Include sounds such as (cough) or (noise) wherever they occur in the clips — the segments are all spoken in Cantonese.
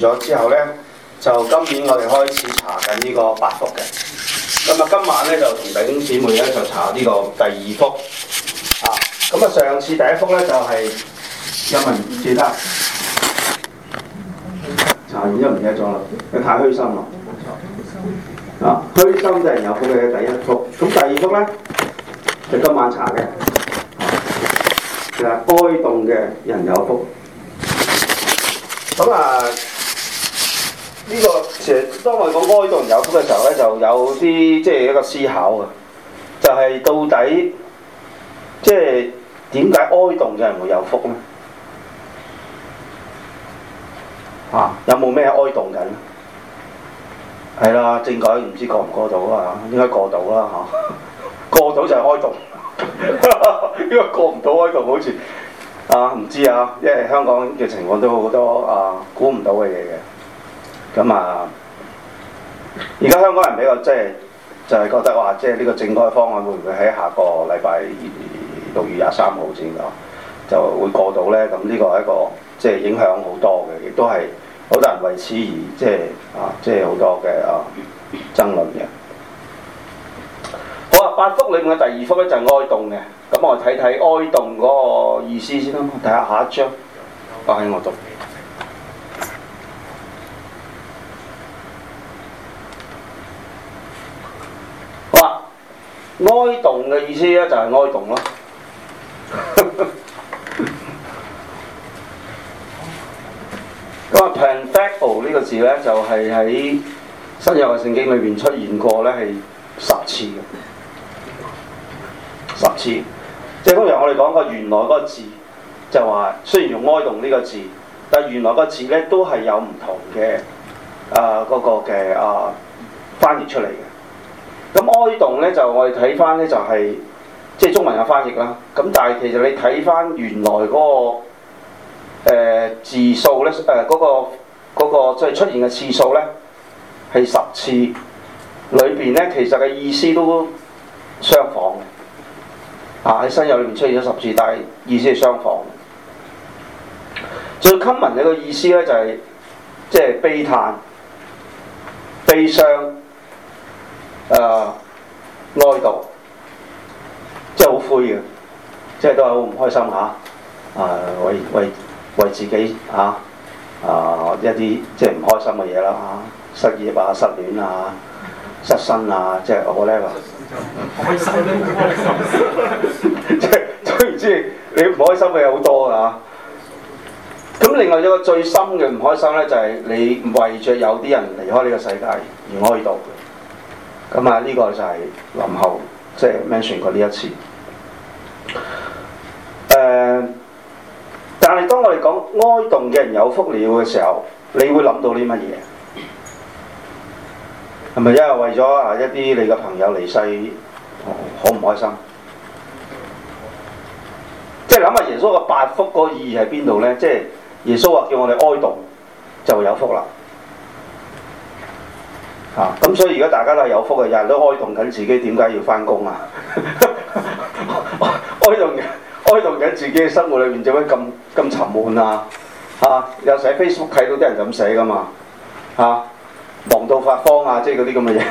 咗之後咧，就今年我哋開始查緊呢個八福嘅。咁啊，今晚咧就同弟兄姊妹咧就查呢個第二福啊。咁啊，上次第一福呢，就係因為唔記得查完，因唔記得咗啦，你太虛心啦。啊，虛心就係有福嘅第一福。咁第二福呢，就是、今晚查嘅，其實哀慟嘅人有福。咁啊～呢、這個其實當我講哀慟有福嘅時候呢，就有啲即係一個思考嘅，就係、是、到底即係點解哀慟嘅人會有福呢？啊，有冇咩哀慟緊？係啦，政改唔知過唔過到啊？應該過到啦嚇，過到就係哀慟哈哈，因為過唔到哀慟好似啊唔知啊，因為香港嘅情況都好多啊估唔到嘅嘢嘅。咁啊！而家香港人比較即係就係覺得話，即係呢個政改方案會唔會喺下個禮拜六月廿三號先啊？就會過到呢？咁呢個係一個即係影響好多嘅，亦都係好多人為此而即係啊，即係好多嘅啊爭論嘅。好啊！八福裏面嘅第二福呢，就哀慟嘅，咁我睇睇哀慟嗰個意思先，睇下下一張，啊、我喺我度。哀慟嘅意思咧就係哀慟咯。咁啊，p a e v e n t a b l e 呢個字咧就係、是、喺新約嘅聖經裏邊出現過咧係十次嘅，十次。即係通常我哋講個原來嗰個字，就話、是、雖然用哀慟呢個字，但係原來嗰、呃那個字咧都係有唔同嘅啊嗰個嘅啊翻譯出嚟嘅。咁哀慟呢，就我哋睇翻呢，就係即係中文有翻譯啦。咁但係其實你睇翻原來嗰、那個誒、呃、字數呢，誒、呃、嗰、那個嗰、那個即係、就是、出現嘅次數呢，係十次，裏邊呢，其實嘅意思都相仿啊，喺新約裏面出現咗十次，但係意思係相仿。最 common 嘅個意思呢，就係即係悲嘆、悲傷。誒、呃、哀悼，即係好灰嘅，即係都係好唔開心嚇。誒、啊、為為為自己嚇啊、呃、一啲即係唔開心嘅嘢啦，失業啊，失戀啊，失戀啊，失身啊，即係我咧，話唔開心咧，即係總言之你唔開心嘅嘢好多㗎。咁、啊、另外一個最深嘅唔開心呢，就係、是、你為着有啲人離開呢個世界而哀悼。咁啊，呢個就係林後即係 mention 過呢一次。誒、呃，但係當我哋講哀慟嘅人有福了嘅時候，你會諗到啲乜嘢？係咪因為為咗啊一啲你嘅朋友離世好唔、哦、開心？即係諗下耶穌嘅八福嗰個意義喺邊度呢？即係耶穌話叫我哋哀慟就會有福啦。啊！咁所以而家大家都係有福嘅，日日都哀慟緊自己，點解要翻工啊 (laughs) 哀？哀慟哀慟緊自己嘅生活裏面，就會咁咁沉悶啊！啊有時喺 Facebook 睇到啲人咁寫噶嘛？嚇、啊，忙到發慌啊！即係嗰啲咁嘅嘢，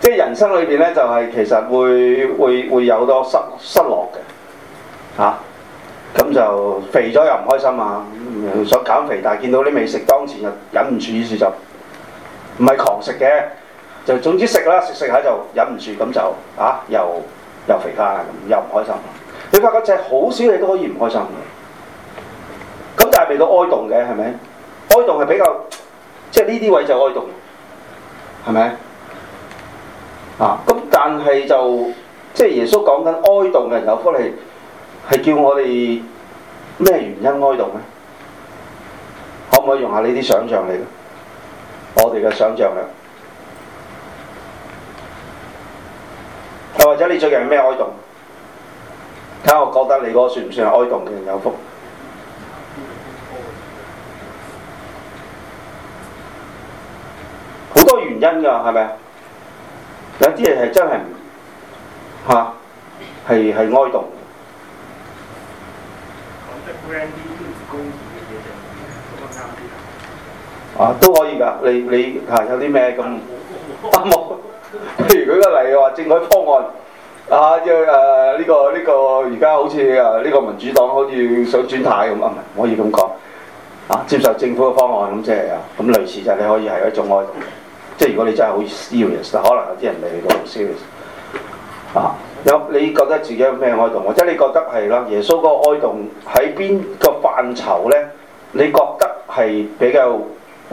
即 (laughs) 係人生裏邊呢，就係、是、其實會會會有好多失失落嘅嚇。咁、啊、就肥咗又唔開心啊！想減肥，但係見到啲美食當前又忍唔住於是就～唔係狂食嘅，就總之食啦，食食下就忍唔住，咁就啊又又肥翻，又唔開心。你發覺即好少嘢都可以唔開心嘅，咁就係未到哀慟嘅，係咪？哀慟係比較即係呢啲位就哀慟，係咪？啊，咁但係就即係耶穌講緊哀慟嘅人有福利，係叫我哋咩原因哀慟呢？可唔可以用下呢啲想象嚟？我哋嘅想象力，又或者你最近有咩哀慟？睇下我覺得你嗰個算唔算係哀慟嘅有福？好多原因㗎，係咪啊？有啲嘢係真係唔嚇，係係哀慟。啊，都可以噶，你你嚇、啊、有啲咩咁啊冇？譬如舉個例話政改方案，啊，即係誒呢個呢、這個而家好似啊呢、這個民主黨好似想轉態咁啊，唔係，唔可以咁講啊，接受政府嘅方案咁即係啊，咁、就是、類似就你可以係一種哀慟，即係如果你真係好 serious，可能有啲人未去到 serious 啊。有你覺得自己有咩哀慟？或者你覺得係啦，耶穌嗰個哀慟喺邊個範疇呢？你覺得係比較？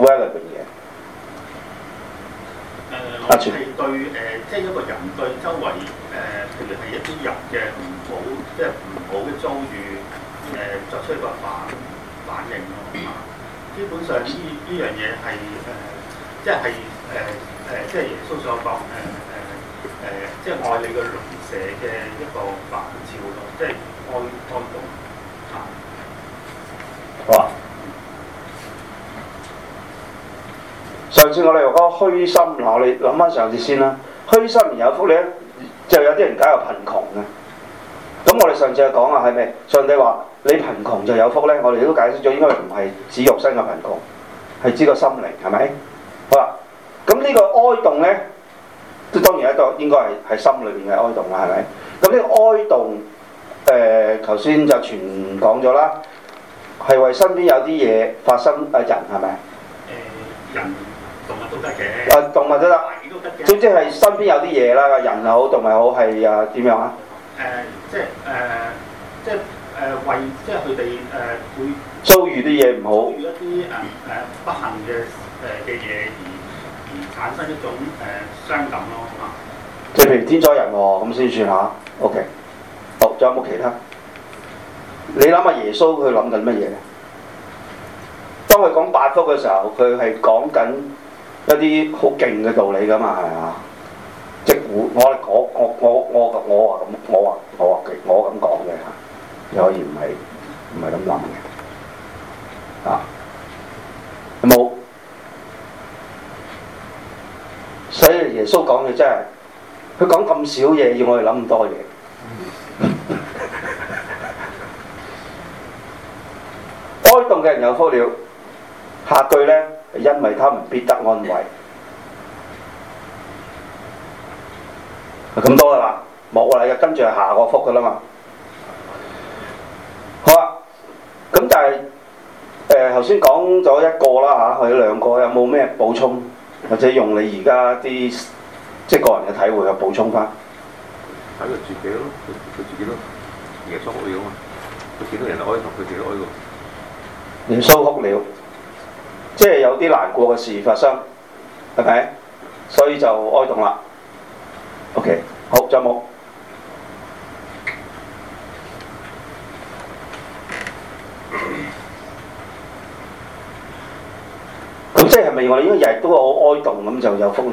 r e l 我係對即係、呃、一個人對周圍誒、呃，譬如係一啲人嘅唔好，即係唔好嘅遭遇，誒、呃，作出一個反反應咯、啊。基本上呢呢樣嘢係誒，即係誒誒，即係耶穌所講誒誒誒，即係愛你嘅鄰舍嘅一個反照咯、啊，即係愛愛到，嚇、啊，好啊。上次我哋用嗰個虛心，我哋諗翻上次先啦。虛心而有福呢，就有啲人解作貧窮嘅。咁我哋上次就講啊，係咪上帝話你貧窮就有福呢？我哋都解釋咗，應該唔係指肉身嘅貧窮，係指個心靈，係咪？好啦，咁呢個哀動呢，都當然喺度，應該係心裏邊嘅哀動啦，係咪？咁呢個哀動，誒頭先就全講咗啦，係為身邊有啲嘢發生啊，人係咪？人。是都得嘅，啊動物都得，總之係身邊有啲嘢啦，人又好，動物好，係啊點樣啊？誒、呃，即係誒、呃，即係誒、呃、為即係佢哋誒會遭遇啲嘢唔好，遇一啲誒誒不幸嘅誒嘅嘢而而產生一種誒傷感咯，即係譬如天災人禍咁先算吓，OK？哦，仲有冇其他？你諗下耶穌佢諗緊乜嘢？當佢講八福嘅時候，佢係講緊。一啲好勁嘅道理噶嘛，係嘛？即係我我我我我我話咁，我話我話我咁講嘅嚇，有時唔係唔係咁諗嘅，啊有冇？所以耶穌講嘅真係，佢講咁少嘢，要我哋諗咁多嘢。哀慟嘅人有福了。下句咧？因為他們必得安慰，咁多啦，冇啦，跟住下個福噶啦嘛。好啊，咁就係誒頭先講咗一個啦嚇，佢、啊、兩個有冇咩補充，或者用你而家啲即係個人嘅體會去補充翻？睇佢自己咯，佢自己咯，耶穌哭了嘛，佢見到人哋哀痛，佢自己哀喎。耶穌哭了。即係有啲難過嘅事發生，係咪？所以就哀痛啦。OK，好，仲有冇？咁即係咪我哋應該日日都哀痛咁就有福嚟？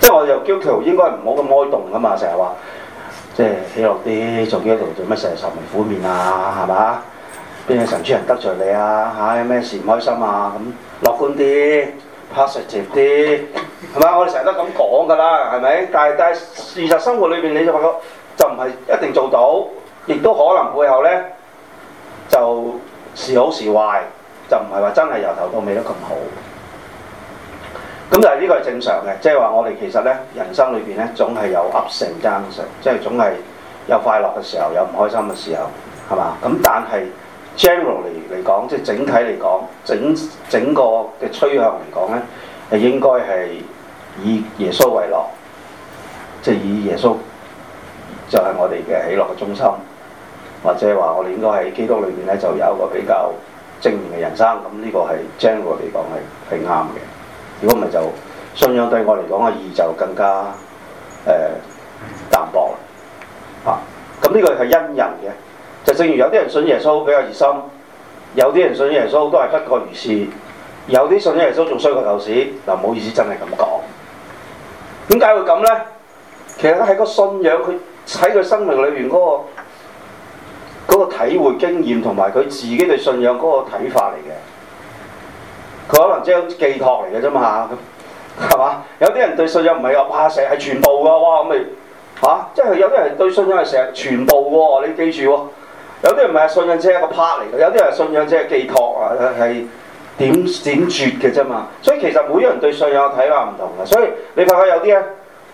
即係我哋又叫做應該唔好咁哀痛㗎嘛？成日話。即係喜樂啲，仲要喺度做乜成日愁眉苦面啊？係嘛？邊個神豬人得罪你啊？嚇，有咩事唔開心啊？咁樂觀啲，positive 啲，係嘛？我哋成日都咁講㗎啦，係咪？但係但係，現實生活裏面，你就發覺就唔係一定做到，亦都可能背後呢，就時好時壞，就唔係話真係由頭到尾都咁好。咁就係呢個係正常嘅，即係話我哋其實呢，人生裏邊呢，總係有噏成、爭成，即係總係有快樂嘅時候，有唔開心嘅時候，係嘛？咁但係 general 嚟嚟講，即係整體嚟講，整整個嘅趨向嚟講呢，係應該係以耶穌為樂，即係以耶穌就係我哋嘅喜樂嘅中心，或者話我哋應該喺基督裏面呢，就有一個比較正面嘅人生。咁呢個係 general 嚟講係係啱嘅。如果唔係就信仰對我嚟講嘅意義就更加誒、呃、淡薄啊！咁、這、呢個係因人嘅，就正如有啲人信耶穌比較熱心，有啲人信耶穌都係不過如是；有啲信耶穌仲衰過舊時嗱，唔、呃、好意思，真係咁講。點解會咁呢？其實喺個信仰佢喺佢生命裏邊嗰個嗰、那個體會經驗同埋佢自己對信仰嗰個睇法嚟嘅。佢可能即係寄託嚟嘅啫嘛，係嘛？有啲人對信仰唔係話哇成日全部噶，哇咁嚟嚇，即係有啲人對信仰係成日全部喎，你記住喎。有啲人唔係信仰只係一個 part 嚟，有啲人信仰只係寄託啊，係點點絕嘅啫嘛。所以其實每個人對信仰嘅睇法唔同嘅，所以你發覺有啲咧，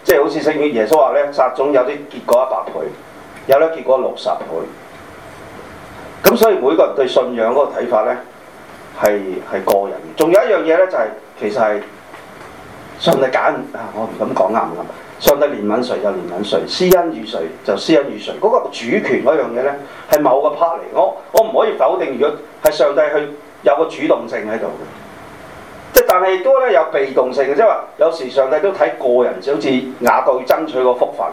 即係好似聖經耶穌話呢，撒種有啲結果一百倍，有啲結果六十倍。咁所以每個人對信仰嗰個睇法呢。係係個人，仲有一樣嘢呢，就係、係、其實係上帝揀我唔敢講啱唔啱？上帝憐憫誰就憐憫誰，施恩與誰就施恩與誰。嗰、嗰個主權嗰樣嘢呢，係某個 part 嚟，我我唔可以否定。如果係上帝去有個主動性喺度嘅，即係但係都咧有被動性嘅，即係話有時上帝都睇個人，就好似雅各要爭取個福分，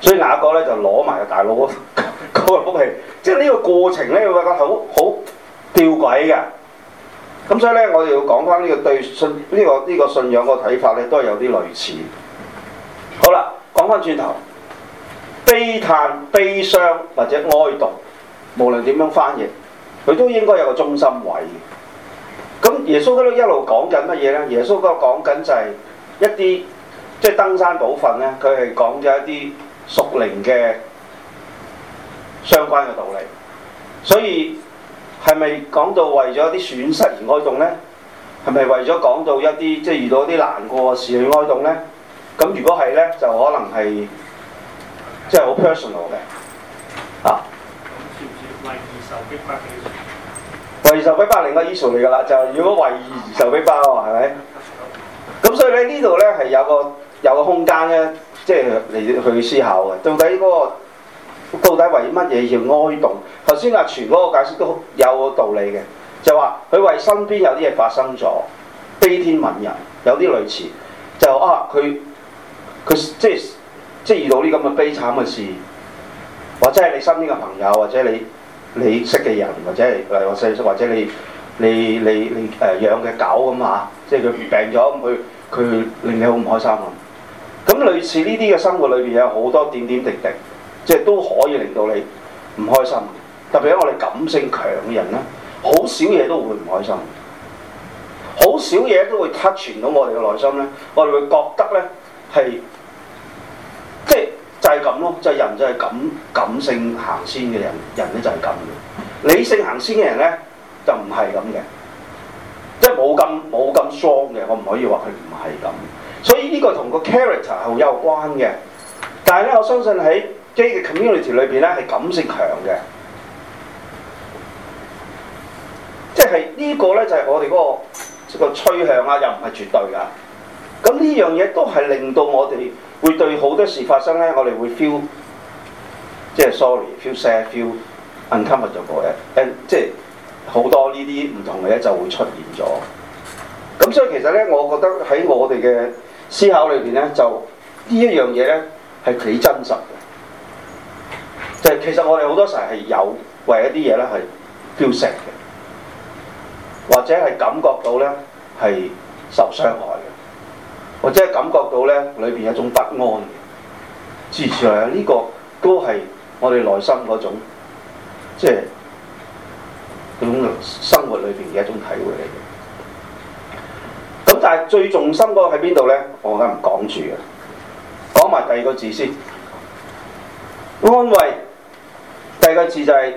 所以雅各呢就攞埋大佬嗰 (laughs) 個福氣。即係呢個過程咧，我覺得好好吊詭嘅。咁所以咧，我哋要講翻呢個對信呢、呢個呢、呢個信仰個睇法咧，都係有啲類似。好啦，講翻轉頭，悲嘆、悲傷或者哀悼，無論點樣翻譯，佢都應該有個中心位嘅。咁耶穌都一路講緊乜嘢咧？耶穌都講緊就係一啲即係登山寶訓咧，佢係講咗一啲屬靈嘅相關嘅道理，所以。係咪講到為咗啲損失而哀慟咧？係咪為咗講到一啲即係遇到啲難過嘅事而哀慟咧？咁如果係咧，就可能係即係好 personal 嘅啊。咁算唔算為義受逼迫嘅？為義受逼迫另一個 issue 嚟㗎啦，就如果為義受逼迫喎，係咪？咁所以咧，呢度咧係有個有個空間咧，即係嚟去思考嘅。到底嗰、那個。到底為乜嘢要哀慟？頭先阿全嗰個解釋都有道理嘅，就話佢為身邊有啲嘢發生咗，悲天憫人有啲類似，就啊佢佢即係即係遇到呢咁嘅悲慘嘅事，或者係你身邊嘅朋友，或者你你識嘅人，或者係例如細或者你你你你誒養嘅狗咁嚇，即係佢病咗佢佢令你好唔開心啊！咁類似呢啲嘅生活裏面，有好多點點滴滴。即係都可以令到你唔開心，特別係我哋感性強嘅人咧，好少嘢都會唔開心，好少嘢都會 cut 傳到我哋嘅內心呢，我哋會覺得呢，係即係就係咁咯，就係、是、人就係感感性行先嘅人，人呢就係咁嘅。理性行先嘅人呢就唔係咁嘅，即係冇咁冇咁爽嘅。我唔可以話佢唔係咁。所以呢個同個 character 係好有關嘅。但係呢，我相信喺即係 community 裏邊咧，係感性強嘅，即係呢個咧就係我哋嗰個個趨向啊，又唔係絕對噶。咁呢樣嘢都係令到我哋會對好多事發生咧，我哋會 feel, sorry, feel 即係 sorry，feel sad，feel uncomfortable 嘅，即係好多呢啲唔同嘅嘢就會出現咗。咁所以其實咧，我覺得喺我哋嘅思考裏邊咧，就呢一樣嘢咧係幾真實嘅。就其實我哋好多時候係有為一啲嘢咧係 feel sad 嘅，或者係感覺到咧係受傷害嘅，或者係感覺到咧裏邊有一種不安嘅，至少係呢個都係我哋內心嗰種，即係嗰種生活裏邊嘅一種體會嚟嘅。咁但係最重心個喺邊度咧？我梗係唔講住嘅，講埋第二個字先，安慰。第二個字就係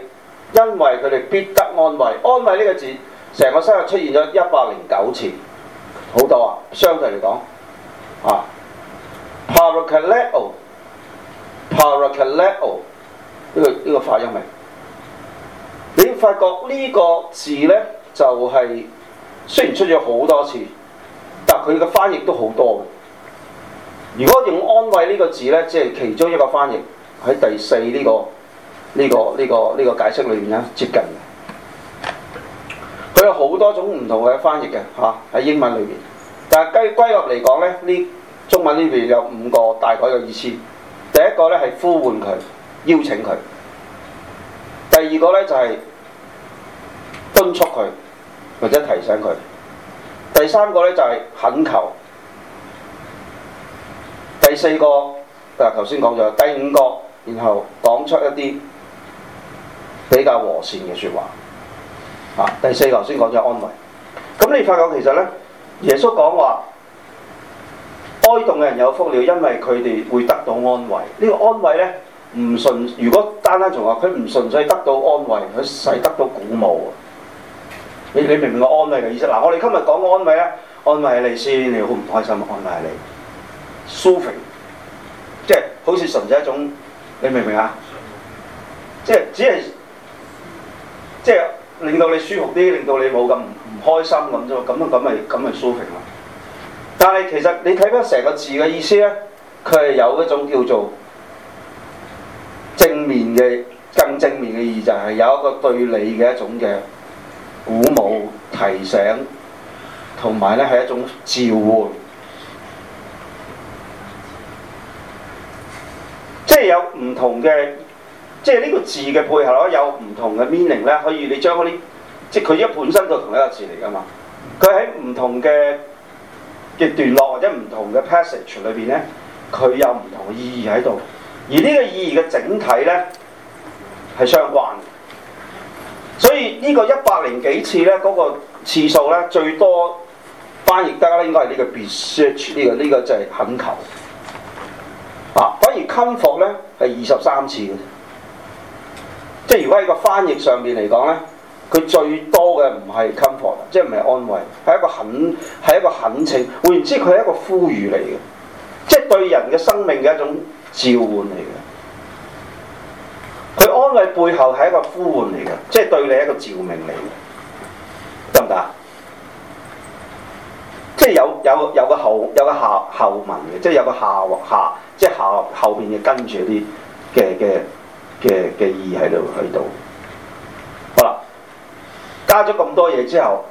因為佢哋必得安慰，安慰呢個字成個生日出現咗一百零九次，好多啊！相對嚟講啊，parakaleo，parakaleo 呢、這個呢、這個發音咩？你發覺呢個字咧就係、是、雖然出咗好多次，但佢嘅翻譯都好多嘅。如果用安慰呢個字咧，即係其中一個翻譯喺第四呢、這個。呢、這個呢個呢個解釋裏面咧接近佢有好多種唔同嘅翻譯嘅嚇喺英文裏邊，但係歸歸納嚟講咧，呢中文呢邊有五個大概嘅意思。第一個呢係呼喚佢，邀請佢；第二個呢就係、是、敦促佢，或者提醒佢；第三個呢就係、是、懇求；第四個，啊頭先講咗；第五個，然後講出一啲。比較和善嘅說話，啊，第四個頭先講咗安慰，咁你發覺其實咧，耶穌講話哀慟嘅人有福了，因為佢哋會得到安慰。呢、這個安慰咧唔純，如果單單從話佢唔純粹得到安慰，佢使得到鼓舞你你明唔明我安慰嘅意思？嗱、啊，我哋今日講安慰咧，安慰你先，你好唔開心，安慰你，蘇肥，即、就、係、是、好似純粹一種，你明唔明啊？即、就、係、是、只係。即係令到你舒服啲，令到你冇咁唔開心咁啫嘛，咁啊咁咪咁咪舒服啦。但係其實你睇翻成個字嘅意思咧，佢係有一種叫做正面嘅，更正面嘅意義，就係有一個對你嘅一種嘅鼓舞、提醒，同埋咧係一種召喚，即係有唔同嘅。即係呢個字嘅配合咧，有唔同嘅 meaning 咧，可以你將嗰啲，即係佢一本身就同一個字嚟㗎嘛。佢喺唔同嘅嘅段落或者唔同嘅 passage 裏邊咧，佢有唔同嘅意義喺度。而呢個意義嘅整體咧係相關。所以呢個一百零幾次咧，嗰、那個次數咧最多翻譯得咧，應該係呢個 beseech 呢、這個呢、這個就係懇求。啊，反而 comfort 咧係二十三次嘅。即係如果喺個翻譯上面嚟講呢佢最多嘅唔係 comfort，即係唔係安慰，係一個懇係一個懇請，換言之，佢係一個呼籲嚟嘅，即係對人嘅生命嘅一種召喚嚟嘅。佢安慰背後係一個呼喚嚟嘅，即係對你一個照明嚟嘅，得唔得啊？即係有有有個後有個下後文嘅，即係有個下即有個下,下即係下後邊嘅跟住啲嘅嘅。嘅嘅意義喺度喺度，好啦，加咗咁多嘢之後，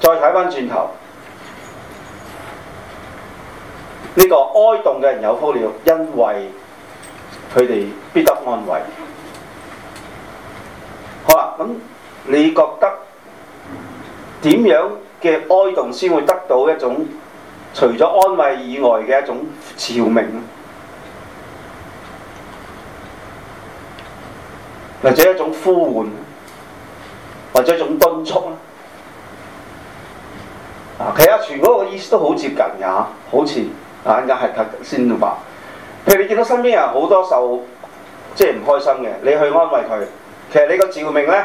再睇翻轉頭，呢個哀慟嘅人有福了，因為佢哋必得安慰。好啦，咁你覺得點樣嘅哀慟先會得到一種除咗安慰以外嘅一種照明？或者一種呼喚，或者一種敦促啦。啊，其實阿全嗰個意思都好接近呀，好似啊，啱係特先啲話。譬如你見到身邊人好多受即係唔開心嘅，你去安慰佢，其實你個召命呢，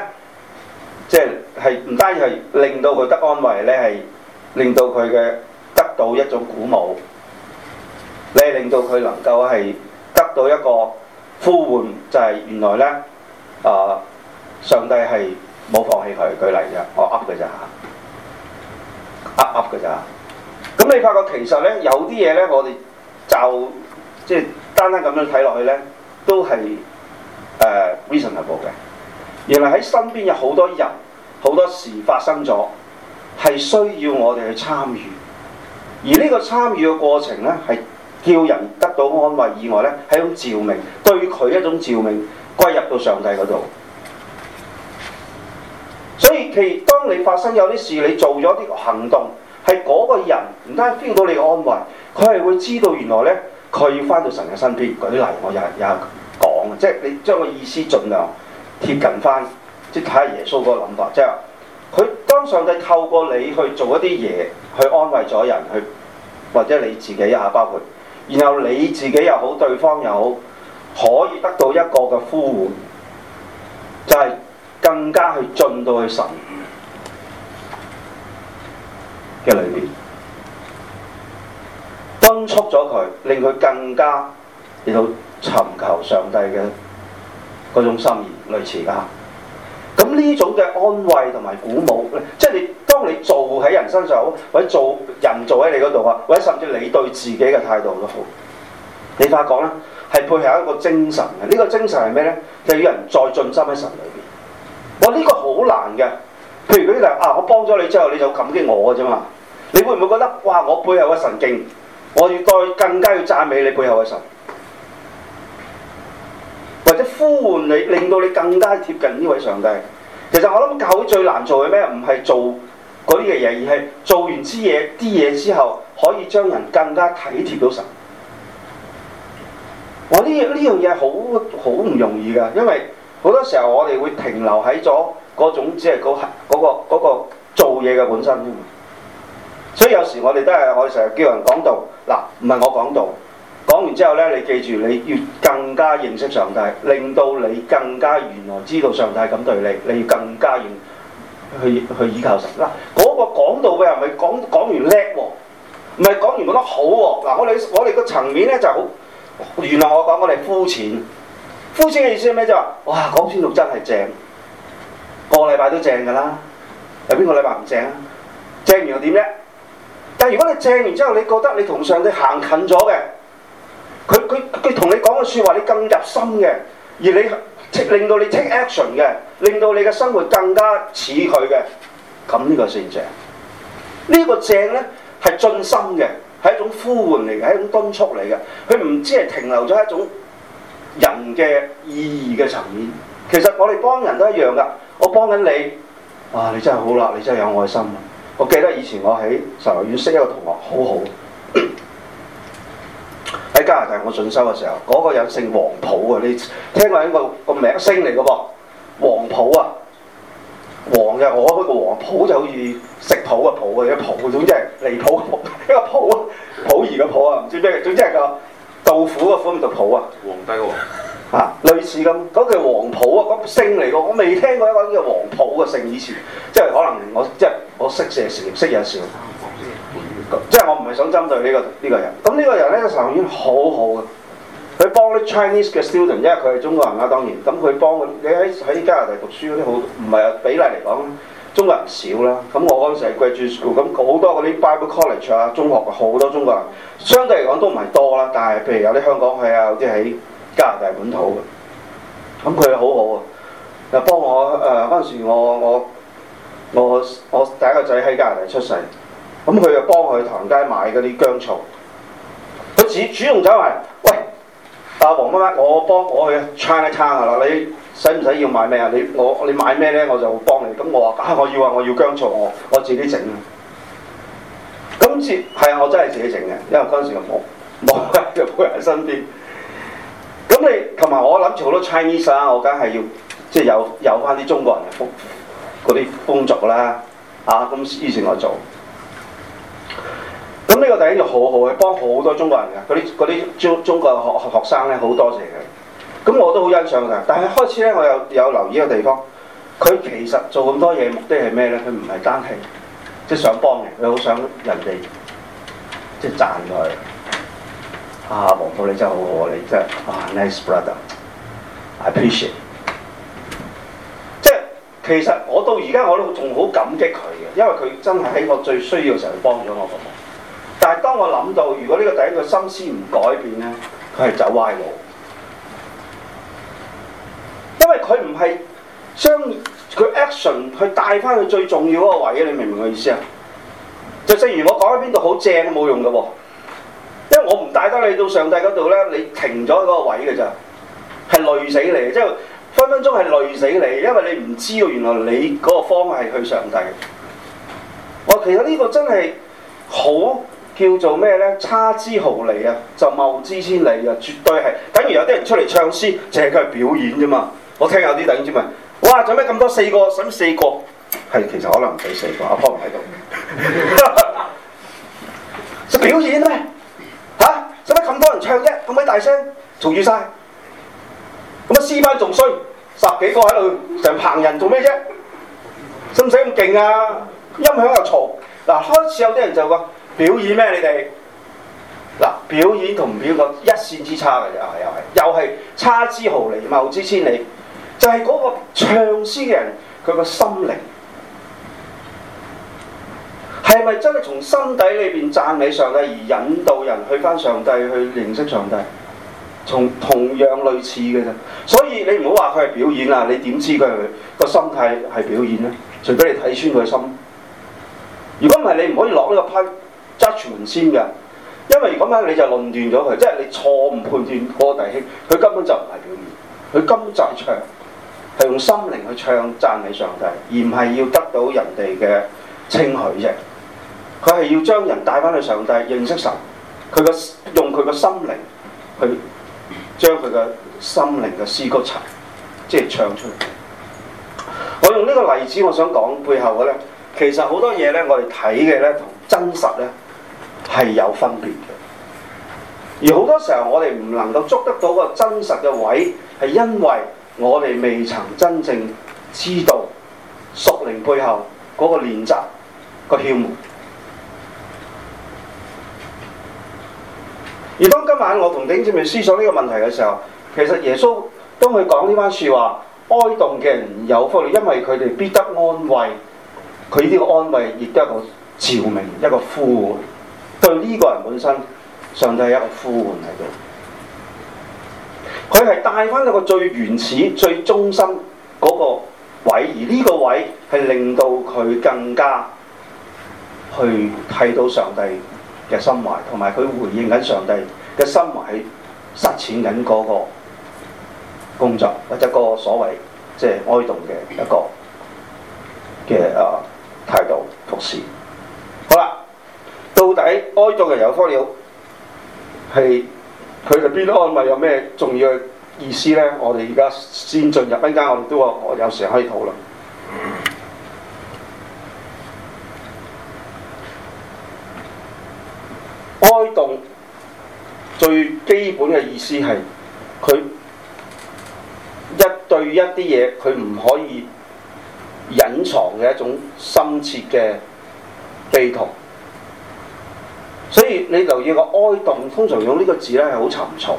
即係係唔單止係令到佢得安慰，你係令到佢嘅得到一種鼓舞，你令到佢能夠係得到一個呼喚，就係原來呢。啊！Uh, 上帝係冇放棄佢舉例嘅，我噏嘅咋，噏噏嘅咋。咁你發覺其實咧，有啲嘢咧，我哋就即係、就是、單單咁樣睇落去咧，都係 reasonable 嘅。原來喺身邊有好多人、好多事發生咗，係需要我哋去參與。而呢個參與嘅過程咧係。叫人得到安慰以外呢，係一種召命，對佢一種召命，歸入到上帝嗰度。所以其當你發生有啲事，你做咗啲行動，係嗰個人唔單 feel 到你嘅安慰，佢係會知道原來呢，佢要翻到神嘅身邊。舉例我又又講，即係你將個意思盡量貼近翻，即係睇下耶穌嗰個諗法，即係佢當上帝透過你去做一啲嘢，去安慰咗人，去或者你自己啊，包括。然後你自己又好，對方又好，可以得到一個嘅呼喚，就係、是、更加去進到去神嘅裏面，敦促咗佢，令佢更加要到尋求上帝嘅嗰種心意，類似。㗎。咁呢種嘅安慰同埋鼓舞，即係你當你做喺人身上，或者做人做喺你嗰度啊，或者甚至你對自己嘅態度都好。你發覺呢，係配合一個精神嘅。呢、這個精神係咩呢？就要、是、人再進深喺神裏邊。哇！呢、這個好難嘅。譬如嗰啲人啊，我幫咗你之後，你就感激我嘅啫嘛。你會唔會覺得哇？我背後嘅神勁，我要再更加要讚美你背後嘅神。或者呼喚你，令到你更加貼近呢位上帝。其實我諗教會最難做嘅咩？唔係做嗰啲嘅嘢，而係做完支嘢啲嘢之後，可以將人更加體貼到神。我呢呢樣嘢好好唔容易噶，因為好多時候我哋會停留喺咗嗰種，只係嗰嗰嗰個做嘢嘅本身。所以有時我哋都係我成日叫人講道，嗱，唔係我講道。講完之後咧，你記住你越更加認識上帝，令到你更加原來知道上帝咁對你，你要更加依去去依靠神嗱。嗰、嗰個講道嘅人咪講講完叻喎、啊？唔係講完講得好喎？嗱，我哋我哋個層面咧，就好原來我講我哋膚淺，膚淺嘅意思係咩？就係話哇，講天路真係正，個禮拜都正噶啦，有邊個禮拜唔正啊？正完又點咧？但係如果你正完之後，你覺得你同上帝行近咗嘅。佢佢佢同你講嘅説話，你更入心嘅，而你令到你 take action 嘅，令到你嘅生活更加似佢嘅。咁呢個正，呢、這個正呢，係進深嘅，係一種呼喚嚟嘅，係一種敦促嚟嘅。佢唔止係停留咗一種人嘅意義嘅層面。其實我哋幫人都一樣噶，我幫緊你。哇！你真係好啦，你真係有愛心啊！我記得以前我喺神學院識一個同學，好好。 (coughs) 加拿大，我進修嘅時候，嗰個有姓黃普啊。你聽過一個個名星嚟嘅噃，黃普啊，黃嘅，我開個黃普就好似食譜嘅普嘅，一普，總之係離譜，啊。個啊，普兒嘅普，普，普，普，普啊，唔知咩，總之係個杜甫嘅款就讀普啊，皇帝嘅黃啊，類似咁，嗰個黃普啊，個姓嚟嘅，我未聽過一個叫黃普嘅姓，以前，即係可能我即係我識少少，識人少。即係我唔係想針對呢、這個呢、這個人。咁、這、呢個人咧，已經好好嘅。佢幫啲 Chinese 嘅 student，因為佢係中國人啦，當然。咁佢幫你喺喺加拿大讀書嗰啲好，唔係比例嚟講，中國人少啦。咁我嗰陣時 graduate school，咁好多嗰啲 Bible College 啊，中學好多中國人，相對嚟講都唔係多啦。但係譬如有啲香港係啊，有啲喺加拿大本土咁佢好好啊，又幫我誒嗰陣時我，我我我我第一個仔喺加拿大出世。咁佢又幫我去唐人街買嗰啲薑醋，佢主主動走埋，喂，阿黃乜乜，我幫我去 China Town 啊，你使唔使要買咩啊？你我你買咩呢？我就幫你。咁我話啊，我要啊，我要薑醋，我自己整。咁自係我真係自己整嘅，因為嗰陣時個冇冇人喺身邊。咁你同埋我諗住好多 Chinese 啊，我梗係要即係有有翻啲中國人嘅風嗰啲風俗啦，啊，咁於是我做。咁呢個第一就好好嘅，幫好多中國人嘅，嗰啲啲中中國學學生咧，好多謝佢。咁我都好欣賞佢，但係開始咧我有有留意一個地方，佢其實做咁多嘢目的係咩咧？佢唔係單係即係想幫人，佢好想人哋即係讚佢。啊，黃富你真係好好，你真係啊，nice brother，I appreciate。其實我到而家我都仲好感激佢嘅，因為佢真係喺我最需要嘅時候幫咗我個忙。但係當我諗到如果呢個第一個心思唔改變咧，佢係走歪路，因為佢唔係將佢 action 去帶翻去最重要嗰個位，你明唔明我意思啊？就正如我講喺邊度好正，冇用㗎喎，因為我唔帶得你到上帝嗰度咧，你停咗嗰個位嘅咋，係累死你嘅，即係。分分鐘係累死你，因為你唔知喎，原來你嗰個方係去上帝。我、哦、其實呢個真係好叫做咩呢？差之毫厘啊，就謬之千里啊，絕對係。等如有啲人出嚟唱詩，只係佢表演啫嘛。我聽有啲弟兄姊妹，哇！做咩咁多四個？使唔使四個？係其實可能唔使四個，阿波唔喺度，做 (laughs) 表演咩？吓、啊？使乜咁多人唱啫？咁鬼大聲，嘈住晒。咁乜師班仲衰，十幾個喺度成棚人做咩啫？使唔使咁勁啊？音響又嘈。嗱，開始有啲人就話表演咩？你哋嗱，表演同唔表演，表演一線之差嘅又係又係，又係差之毫厘，謬之千里。就係、是、嗰個唱詩嘅人，佢個心靈係咪真係從心底裏邊讚美上帝，而引導人去返上帝，去認識上帝？同同樣類似嘅啫，所以你唔好話佢係表演啊！你點知佢個心態係表演呢？除非你睇穿佢心。如果唔係，你唔可以落呢個批質問先嘅，因為如果唔係你就論斷咗佢，即係你錯誤判斷嗰個弟兄，佢根本就唔係表演，佢今集唱係用心靈去唱讚你上帝，而唔係要得到人哋嘅稱許啫。佢係要將人帶翻去上帝認識神，佢個用佢個心靈去。將佢嘅心靈嘅詩歌集，即係唱出嚟。我用呢個例子，我想講背後嘅咧，其實好多嘢咧，我哋睇嘅咧同真實咧係有分別嘅。而好多時候，我哋唔能夠捉得到個真實嘅位，係因為我哋未曾真正知道屬靈背後嗰個練習、個竅門。而當今晚我同弟兄姊妹思索呢個問題嘅時候，其實耶穌當佢講呢番説話，哀痛嘅人有福了，因為佢哋必得安慰。佢呢個安慰亦都係一個召命，一個呼喚。對呢個人本身，上帝係一個呼喚喺度。佢係帶翻一個最原始、最忠心嗰個位，而呢個位係令到佢更加去睇到上帝。嘅心懷，同埋佢回應緊上帝嘅心懷，實踐緊嗰個工作，或者個所謂即係、就是、哀慟嘅一個嘅啊、呃、態度。同時，好啦，到底哀慟嘅有多了，係佢哋邊安慰？咪有咩重要嘅意思咧？我哋而家先進入，一陣我哋都話我有時可以討論。哀慟最基本嘅意思係佢，一對一啲嘢，佢唔可以隱藏嘅一種深切嘅悲痛。所以你留意個哀慟，通常用呢個字咧係好沉重，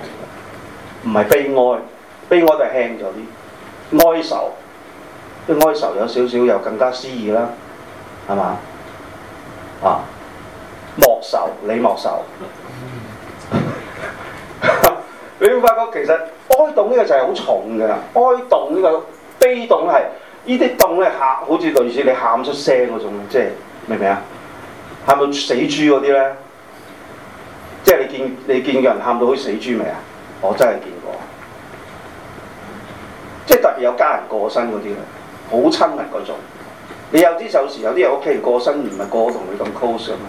唔係悲哀，悲哀就係輕咗啲，哀愁，哀愁有少少又更加詩意啦，係嘛啊？受你莫受， (laughs) 你會發覺其實哀慟呢個就係好重嘅，哀慟呢、呢個悲動係呢啲動咧喊，好似類似你喊出聲嗰種，即係明唔明啊？喊到死豬嗰啲咧，即係你見你見人喊到好似死豬未啊？我真係見過，即係特別有家人過身嗰啲，好親密嗰種。你有啲有時有啲人屋企過身唔係個個同佢咁 close 啊嘛。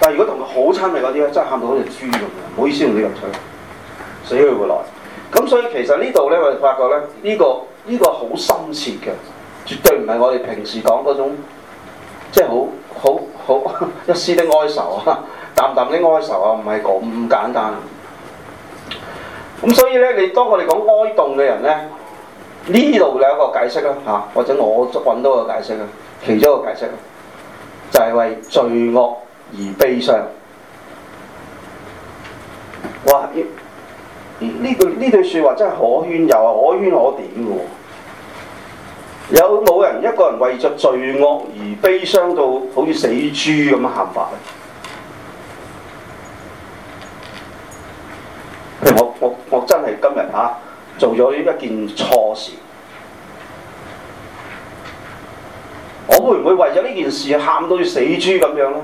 但如果同佢好親密嗰啲真係喊到好似豬咁嘅，唔、嗯、好意思用呢個詞，死去活來。咁所以其實呢度呢，我哋發覺咧，呢、這個呢、這個好深切嘅，絕對唔係我哋平時講嗰種，即係好好好一絲的哀愁啊， (laughs) 淡淡的哀愁啊，唔係咁簡單。咁所以呢，你當我哋講哀慟嘅人呢，呢度有一個解釋啦，嚇、啊、或者我揾到個解釋其中一個解釋就係、是、為罪惡而悲傷，哇！呢句呢句説話真係可圈又係可圈可點嘅喎。有冇人一個人為著罪惡而悲傷到好似死豬咁樣喊法咧？我我我真係今日嚇做咗一件錯事，我會唔會為咗呢件事喊到死豬咁樣咧？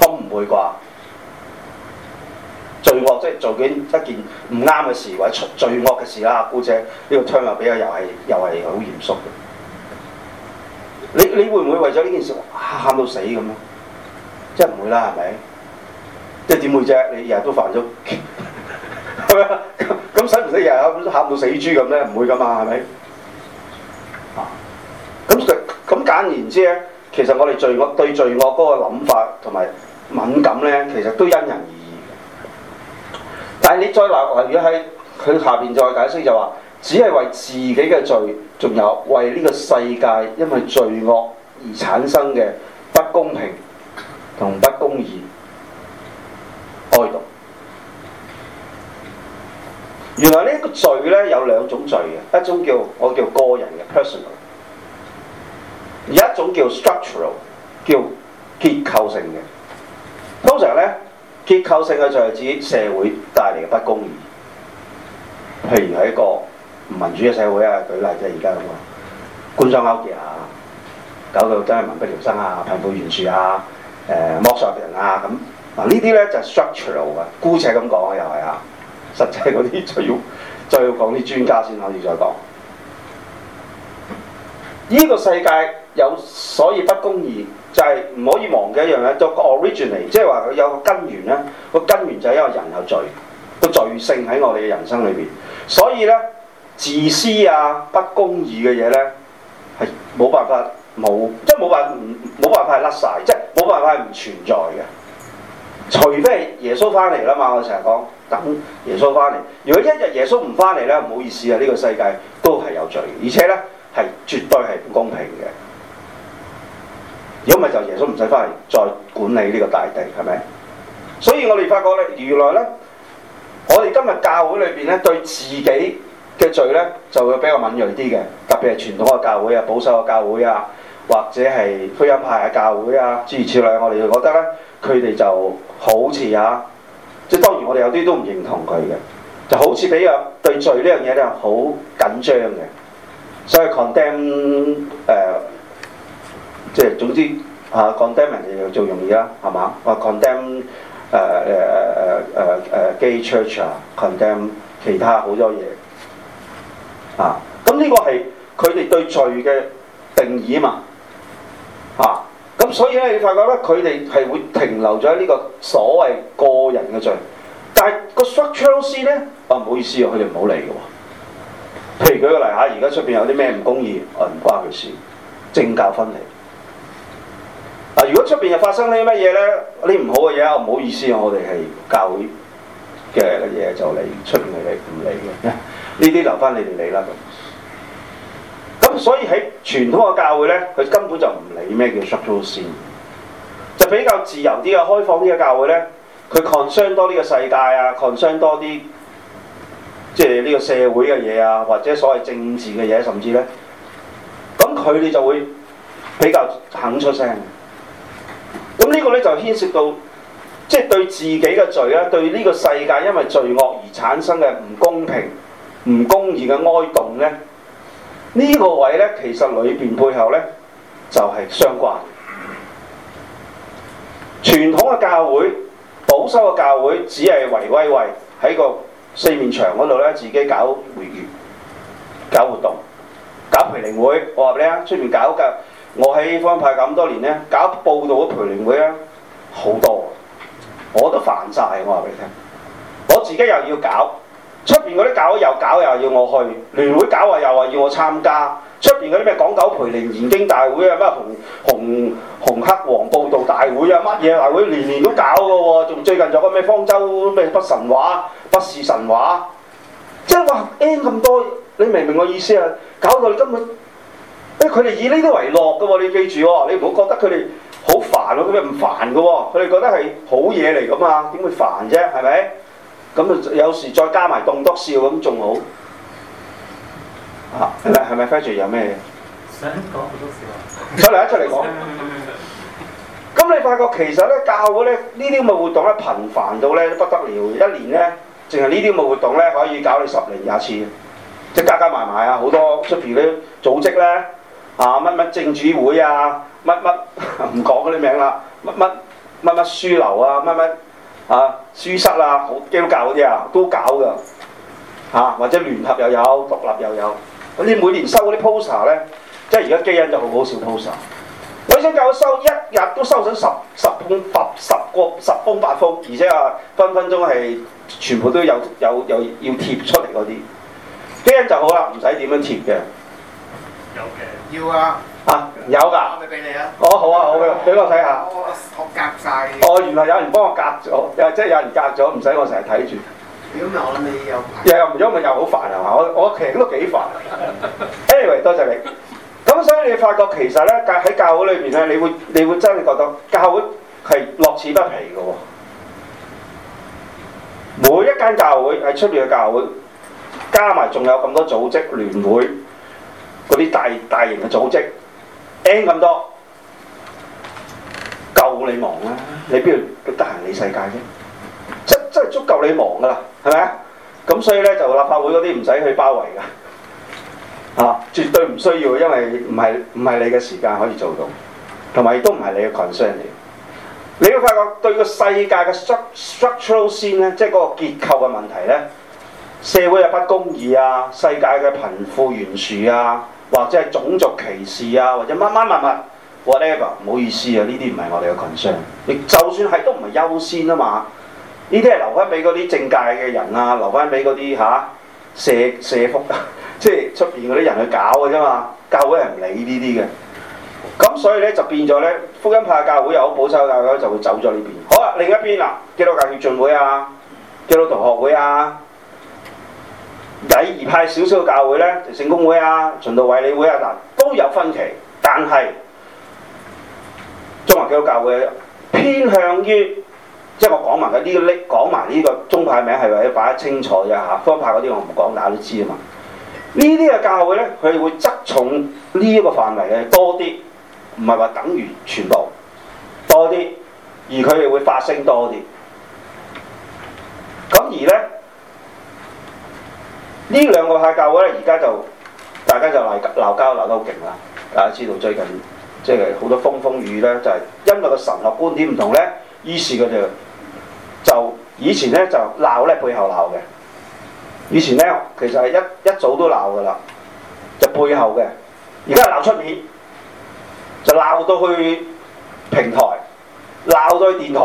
我唔會啩，罪惡即係做緊一件唔啱嘅事，或者出罪惡嘅事啦，姑姐呢、呢個腔又比較又係又係好嚴肅嘅。你你會唔會為咗呢件事喊到死咁咧？即係唔會啦，係咪？即係點會啫？你日日都犯咗，係咪啊？咁使唔使日日喊到死豬咁咧？唔會噶嘛，係咪？啊，咁咁簡言之咧。其實我哋罪惡對罪惡嗰個諗法同埋敏感呢，其實都因人而異。但係你再話話，如果喺佢下面再解釋就話，只係為自己嘅罪，仲有為呢個世界因為罪惡而產生嘅不公平同不公義哀悼。原來呢個罪呢，有兩種罪嘅，一種叫我叫個人嘅 personal。有一種叫 structural，叫結構性嘅。通常呢，結構性嘅就係指社會帶嚟嘅不公義。譬如喺一個民主嘅社會啊，舉例即係而家咁啊，官商勾結啊，搞到真係民不聊生啊，貧富懸殊啊，誒剝削人啊咁。嗱呢啲呢，就係、structural 嘅，姑且咁講又係啊。實際嗰啲就要就要講啲專家先可以再講。呢、呢個世界。有所以不公義就係、是、唔可以忘記一樣嘢，做個 origin 嚟，即係話佢有個根源咧。個根源就係因為人有罪，個罪性喺我哋嘅人生裏邊。所以呢，自私啊、不公義嘅嘢呢，係冇辦法冇，即係冇辦法冇辦法甩晒，即係冇辦法唔存在嘅。除非耶穌翻嚟啦嘛，我成日講等耶穌翻嚟。如果一日耶穌唔翻嚟呢，唔好意思啊，呢、呢個世界都係有罪，而且呢，係絕對係唔公平嘅。如果唔係就耶穌唔使翻嚟再管理呢個大地係咪？所以我哋發覺呢，原來呢，我哋今日教會裏邊呢，對自己嘅罪呢，就會比較敏鋭啲嘅，特別係傳統嘅教會啊、保守嘅教會啊，或者係福音派嘅教會啊諸如此類，我哋就覺得呢，佢哋就好似啊，即係當然我哋有啲都唔認同佢嘅，就好似比較對罪呢樣嘢呢，好緊張嘅，所以 condemn 誒、呃。即係總之嚇、啊、condemn 人哋就容易啦，係嘛？condemn 誒誒誒誒誒 gay church 啊，condemn 其他好多嘢啊。咁呢個係佢哋對罪嘅定義啊嘛。啊，咁所以呢，你發覺咧佢哋係會停留在呢個所謂個人嘅罪，但係個 structuralist 咧，啊，唔好意思佢哋唔好理嘅喎。譬如舉個例嚇，而家出邊有啲咩唔公義，我唔關佢事，政教分離。嗱，如果出邊又發生啲乜嘢呢？啲唔好嘅嘢，唔好意思啊，我哋係教會嘅嘢就嚟出邊嚟唔理。嘅，呢啲留翻你哋理啦。咁所以喺傳統嘅教會呢，佢根本就唔理咩叫 shouting，就比較自由啲啊、開放啲嘅教會呢，佢 concern 多呢個世界啊，concern 多啲即係呢個社會嘅嘢啊，或者所謂政治嘅嘢，甚至呢，咁佢哋就會比較肯出聲。咁呢個呢，就牽涉到，即係對自己嘅罪啊，對呢個世界因為罪惡而產生嘅唔公平、唔公義嘅哀慟呢呢個位呢，其實裏邊背後呢，就係相關嘅。傳統嘅教會、保守嘅教會只係圍威喂喺個四面牆嗰度呢，自己搞會員、搞活動、搞培靈會。我話畀你啊，出面搞嘅。我喺方派咁多年呢，搞佈道嘅培靈會啊，好多，我都煩晒。我話俾你聽，我自己又要搞，出邊嗰啲搞又搞又要我去，聯會搞啊又啊要我參加，出邊嗰啲咩港九培靈研經大會啊，咩紅紅紅黑黃佈道大會啊，乜嘢大會年年都搞㗎喎，仲最近仲有個咩方舟咩北神話，北是神話，即係話 N 咁多，你明唔明我意思啊？搞到你根本～佢哋以呢啲為樂嘅喎，你要記住喎，你唔好覺得佢哋好煩咯，佢哋唔煩嘅喎，佢哋覺得係好嘢嚟咁啊，點會煩啫？係咪？咁啊，有時再加埋棟篤笑咁仲好。啊，係咪、啊？係咪 Frazier 有咩嘢？想講棟篤笑。出嚟，一出嚟講。咁 (laughs) (laughs) 你發覺其實呢教會咧呢啲咁嘅活動呢，頻繁到呢，不得了，一年呢，淨係呢啲咁嘅活動呢，可以搞你十年廿次，即係加加埋埋啊，好多，譬如啲組,組織呢。啊！乜乜政治會啊！乜乜唔講嗰啲名啦！乜乜乜乜書樓啊！乜乜啊書室啊！好基督教嗰啲啊都搞噶嚇、啊，或者聯合又有，獨立又有，嗰啲每年收嗰啲 poster 咧，即係而家、啊、基因就好好少 poster。我想教友收一日都收咗十十封八十個十封八封，而且啊分分鐘係全部都有有又要貼出嚟，嗰啲基因就好啦，唔使點樣貼嘅。有嘅。要啊！啊有噶，我咪俾你啊！哦好啊好啊，俾、啊、我睇下。我我隔曬。哦，原來有人幫我隔咗，又即係有人隔咗，唔使我成日睇住。如果唔係，你又又唔咗咪又好煩啊！ (laughs) 我我其實都幾煩。anyway，多謝你。咁所以你發覺其實咧，教喺教會裏邊咧，你會你會真係覺得教會係樂此不疲嘅喎。每一間教會喺出面嘅教會，加埋仲有咁多組織聯會。嗰啲大大型嘅組織，N 咁多，夠你忙啦！你邊度得閒理世界啫？即真係足夠你忙噶啦，係咪啊？咁所以呢，就立法會嗰啲唔使去包圍噶，啊，絕對唔需要，因為唔係唔係你嘅時間可以做到，同埋亦都唔係你嘅 concern。你會發覺對個世界嘅 structural 先呢，即係嗰個結構嘅問題呢，社會嘅不公義啊，世界嘅貧富懸殊啊。或者係種族歧視啊，或者乜乜物物 whatever，唔好意思啊，呢啲唔係我哋嘅 concern。你就算係都唔係優先啊嘛，呢啲係留翻俾嗰啲政界嘅人啊，留翻俾嗰啲嚇社社福， (laughs) 即係出邊嗰啲人去搞嘅啫嘛。教會係唔理呢啲嘅。咁所以呢，就變咗呢，福音派教會又好，保守教會就會走咗呢邊。好啦，啊，另一邊啦，啊，基督教協進會啊，基督徒學會啊。禮儀派少少嘅教會呢，就聖公會啊、循道衛理會啊，嗱都有分歧，但係中華基督教會偏向於，即係我講埋嗰啲，講埋呢個宗派名係為咗擺得清楚啫？吓，方派嗰啲我唔講，大家都知啊嘛。呢啲嘅教會呢，佢會側重呢一個範圍嘅多啲，唔係話等於全部多啲，而佢哋會發聲多啲。咁而呢。呢兩個派教會咧，而家就大家就鬧交鬧得好勁啦！大家知道最近即係好多風風雨呢，就係因為個神學觀點唔同呢，於是佢哋就以前呢就鬧呢，背後鬧嘅。以前呢其實係一一早都鬧噶啦，就背後嘅。而家鬧出面，就鬧到去平台，鬧到去電台，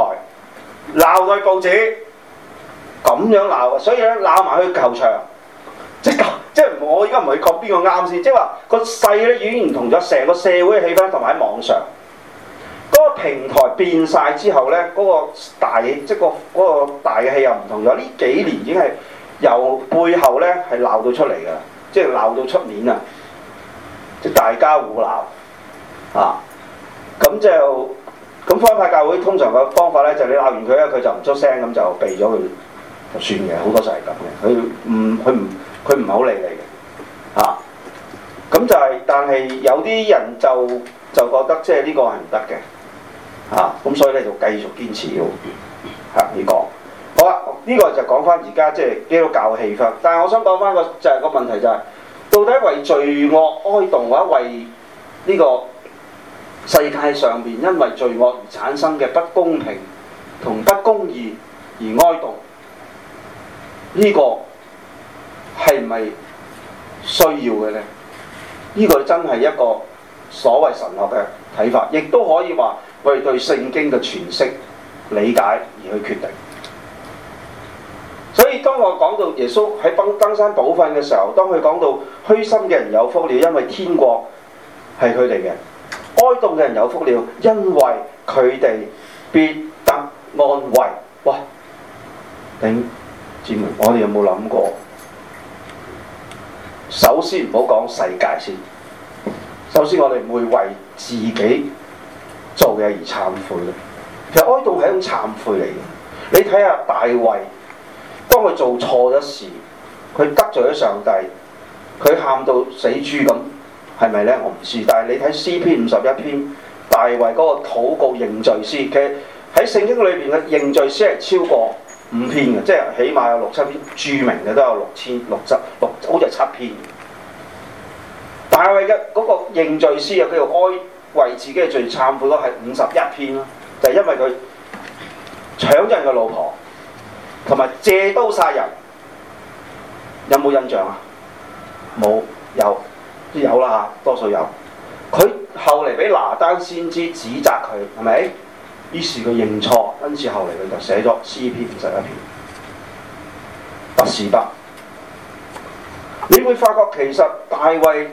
鬧到去報紙，咁樣鬧，所以呢，鬧埋去球場。即係，即係我而家唔係確邊個啱先，即係話個勢呢已經唔同咗，成個社會嘅氣氛同埋喺網上嗰個平台變晒之後呢，嗰個大即係個嗰個大嘅氣又唔同咗。呢幾年已經係由背後呢係鬧到出嚟㗎，即係鬧到出面啊！即大家互鬧啊！咁就咁方派教會通常嘅方法呢，就你鬧完佢呢，佢就唔出聲咁就避咗佢就算嘅，好多就係咁嘅。佢唔佢唔。佢唔係好理你嘅，吓咁就係，但係有啲人就就覺得即係呢個係唔得嘅，吓、啊、咁所以咧就繼續堅持要吓呢、啊這個。好啦，呢、這個就講翻而家即係基督教嘅氣氛。但係我想講翻個就係、是、個問題就係、是，到底為罪惡哀慟或者為呢個世界上面因為罪惡而產生嘅不公平同不公義而哀慟呢、這個？係唔係需要嘅呢？呢、呢個真係一個所謂神學嘅睇法，亦都可以話我哋對聖經嘅詮釋理解而去決定。所以當我講到耶穌喺登登山寶訓嘅時候，當佢講到虛心嘅人有福了，因為天國係佢哋嘅；哀慟嘅人有福了，因為佢哋必得安慰。喂，頂，姊妹，我哋有冇諗過？首先唔好講世界先，首先我哋唔會為自己做嘢而慚愧。其實哀悼係一種慚愧嚟嘅。你睇下大衛，當佢做錯咗事，佢得罪咗上帝，佢喊到死豬咁，係咪呢？我唔知。但係你睇詩篇五十一篇，大衛嗰個禱告認罪詩，其實喺聖經裏邊嘅認罪詩係超過五篇嘅，即係起碼有六七篇著名嘅，都有六千六十六，好似七篇。但係嘅嗰個認罪書啊，佢哀為自己嘅罪懺悔咯，係五十一篇咯，就係因為佢搶咗人嘅老婆，同埋借刀殺人，有冇印象啊？冇有都有啦嚇，多數有。佢後嚟俾拿單先知指責佢，係咪？於是佢認錯，跟住後嚟佢就寫咗詩篇五十一篇，不是不。你會發覺其實大衛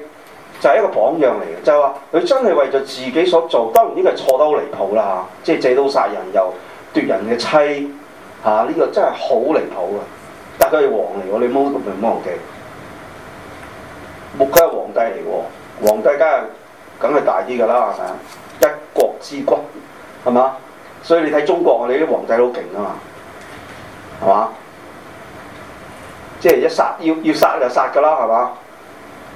就係一個榜樣嚟嘅，就係話佢真係為咗自己所做，當然呢個錯得好離譜啦，即係借刀殺人又奪人嘅妻，嚇、啊、呢、呢個真係好離譜嘅。但係佢係王嚟喎，你唔好咁樣忘記。木雞係皇帝嚟喎，皇帝梗係梗係大啲㗎啦，係嘛？一國之君係嘛？所以你睇中國我哋啲皇帝好勁啊嘛，係嘛？即係一殺要要殺就殺噶啦，係嘛？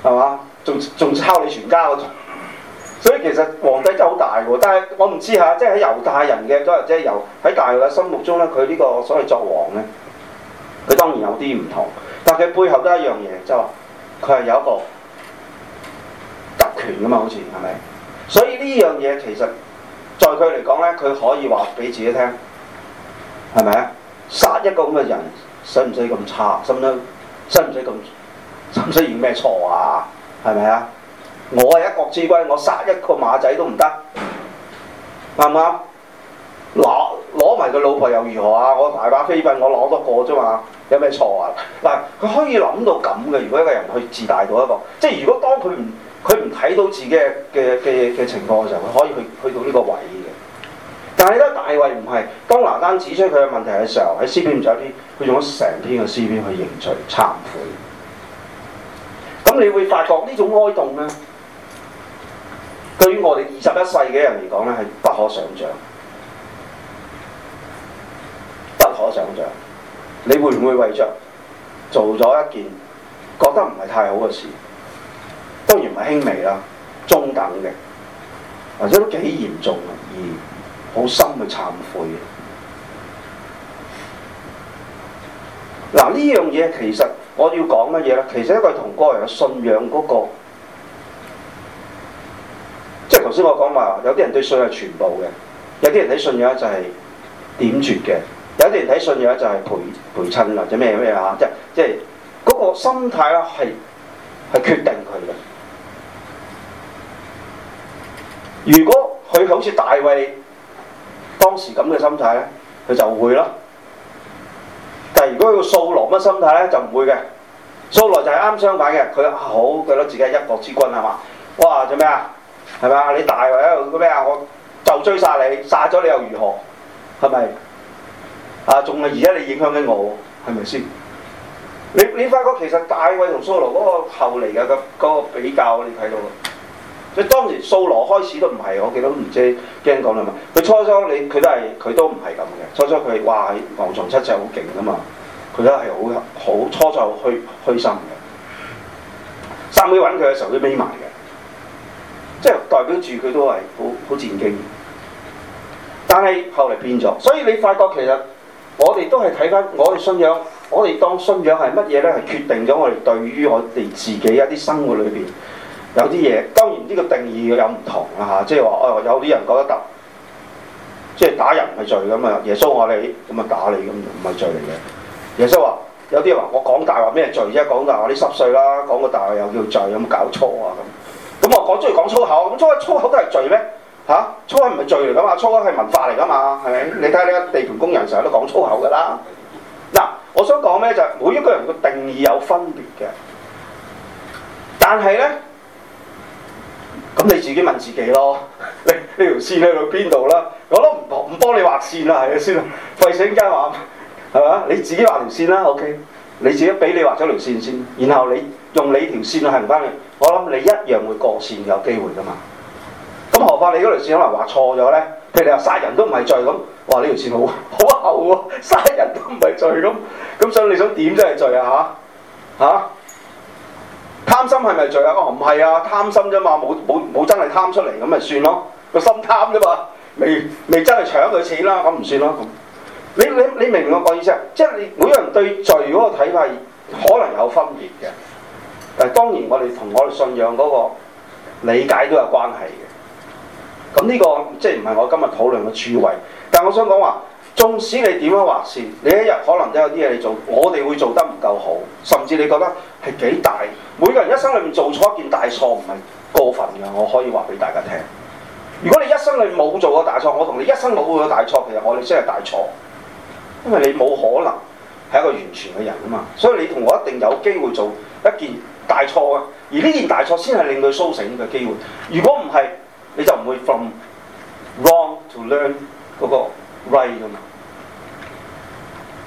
係嘛？仲仲抄你全家嗰種。 (laughs) 所以其實皇帝真係好大嘅，但係我唔知嚇，即係喺猶太人嘅，即係猶喺大衞嘅心目中呢，佢呢個所謂作王呢，佢當然有啲唔同，但係佢背後都一樣嘢，就係佢係有一個集權嘅嘛，好似係咪？所以呢樣嘢其實。在佢嚟講呢，佢可以話俾自己聽，係咪啊？殺一個咁嘅人，使唔使咁差？使唔使？使唔使咁？使唔使犯咩錯啊？係咪啊？我係一國之君，我殺一個馬仔都唔得，啱唔啱？攞攞埋個老婆又如何啊？我大把妃嬪，我攞多個啫嘛？有咩錯啊？嗱，佢可以諗到咁嘅。如果一個人去自大到一個，即係如果當佢唔佢唔睇到自己嘅嘅嘅情況嘅時候，佢可以去去到呢個位嘅。但係咧，大衛唔係當拿單指出佢嘅問題嘅時候，喺詩篇五十一篇，佢用咗成篇嘅詩篇去認罪、懺悔。咁你會發覺呢種哀慟咧，對於我哋二十一世嘅人嚟講咧，係不可想像，不可想像。你會唔會為著做咗一件覺得唔係太好嘅事？當然唔係輕微啦，中等嘅，或者都幾嚴重，而好深嘅懺悔嘅。嗱，呢樣嘢其實我要講乜嘢咧？其實一個同個人嘅信仰嗰個，即係頭先我講話，有啲人對信係全部嘅，有啲人睇信仰就係點絕嘅，有啲人睇信仰就係陪陪襯或者咩咩嚇，即係即係嗰個心態咧係係決定佢嘅。如果佢好似大衛當時咁嘅心態咧，佢就會囉。但係如果個掃羅乜心態咧，就唔會嘅。掃羅就係啱相反嘅，佢好佢覺得自己係一國之君係嘛？哇做咩啊？係嘛？你大衛做咩啊？我就追殺你，殺咗你又如何？係咪？啊，仲係而家你影響緊我，係咪先？你你發覺其實大衛同掃羅嗰個後嚟嘅個個比較，你睇到啦。所以當時掃羅開始都唔係，我記得唔知驚講啲乜。佢初初你佢都係佢都唔係咁嘅，初初佢話牛蟲七尺好勁噶嘛，佢都係好好初初好虛虛心嘅。三妹揾佢嘅時候都眯埋嘅，即係代表住佢都係好好戰兢。但係後嚟變咗，所以你發覺其實我哋都係睇翻我哋信仰，我哋當信仰係乜嘢呢？係決定咗我哋對於我哋自己一啲生活裏邊。有啲嘢當然呢個定義有唔同啦嚇、啊，即係話哦有啲人覺得打即係打人唔係罪咁啊，啊，耶穌我哋咁啊打你咁唔係罪嚟嘅。耶穌話有啲人話我講大話咩罪啫？講大話啲濕碎啦，講個大話又叫罪咁搞錯啊咁。咁我講中意講粗口咁粗口粗口都係罪咩？嚇粗口唔係罪嚟噶嘛？粗口係、啊、文化嚟噶嘛？係咪？你睇下啲地盤工人成日都講粗口噶啦。嗱，我想講咩就係每一個人嘅定義有分別嘅，但係呢。咁你自己問自己咯，你，你條呢條線去到邊度啦？我都唔唔幫你畫線啦，係咪先啦，費事一陣間話，係嘛？你自己畫條線啦，OK？你自己俾你畫咗條線先，然後你用你條線去行翻去，我諗你一樣會過線有機會噶嘛？咁何況你嗰條線可能畫錯咗呢？譬如你話殺人都唔係罪咁，哇！呢條線好好厚喎、啊，殺人都唔係罪咁，咁所以你想點都係罪啊嚇嚇！啊貪心係咪罪啊？哦，唔係啊，貪心啫嘛，冇冇冇，真係貪出嚟咁咪算咯，個心貪啫嘛，未未真係搶佢錢啦，咁唔算咯。你你你明唔明我講意思啊？即係你每個人對罪嗰個睇法可能有分別嘅。誒，當然我哋同我哋信仰嗰個理解都有關係嘅。咁呢個即係唔係我今日討論嘅主位？但我想講話。縱使你點樣話事，你一日可能都有啲嘢你做，我哋會做得唔夠好，甚至你覺得係幾大。每個人一生裏面做錯一件大錯唔係過分嘅，我可以話俾大家聽。如果你一生你冇做過大錯，我同你一生冇做過大錯，其實我哋先係大錯，因為你冇可能係一個完全嘅人啊嘛。所以你同我一定有機會做一件大錯啊！而呢件大錯先係令佢甦醒嘅機會。如果唔係，你就唔會 from wrong to learn 嗰個 right 啊嘛。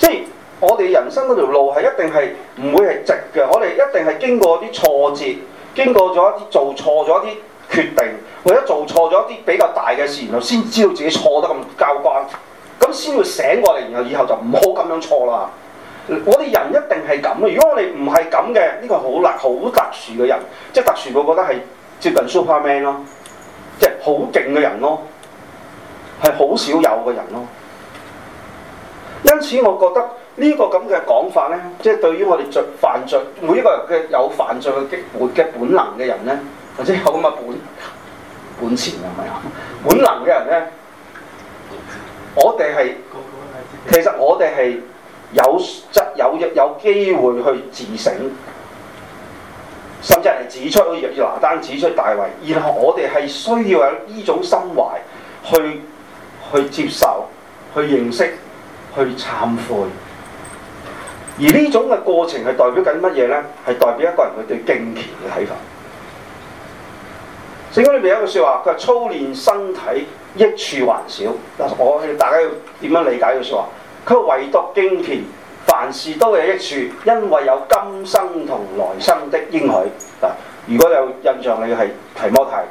即係我哋人生嗰條路係一定係唔會係直嘅，我哋一定係經過啲挫折，經過咗一啲做錯咗一啲決定，或者做錯咗一啲比較大嘅事，然後先知道自己錯得咁交關，咁先會醒過嚟，然後以後就唔好咁樣錯啦。我哋人一定係咁嘅，如果我哋唔係咁嘅，呢個好難好特殊嘅人，即係特殊，我覺得係接近 Superman 咯，即係好勁嘅人咯，係好少有嘅人咯。因此，我覺得呢個咁嘅講法呢，即係對於我哋罪犯罪每一個人嘅有犯罪嘅機會嘅本能嘅人呢，或者有咁嘅本本錢係咪？本能嘅人呢，我哋係其實我哋係有則有有機會去自省，甚至係指出要拿單指出大衛，然後我哋係需要有呢種心懷去去接受去認識。去懺悔，而呢種嘅過程係代表緊乜嘢呢？係代表一個人佢對敬虔嘅睇法。聖經裏面有一句說話，佢話操練身體益處還少，但係我大家要點樣理解呢句說話？佢話唯獨敬虔，凡事都有益處，因為有今生同來生的應許。嗱，如果有印象，你係提摩太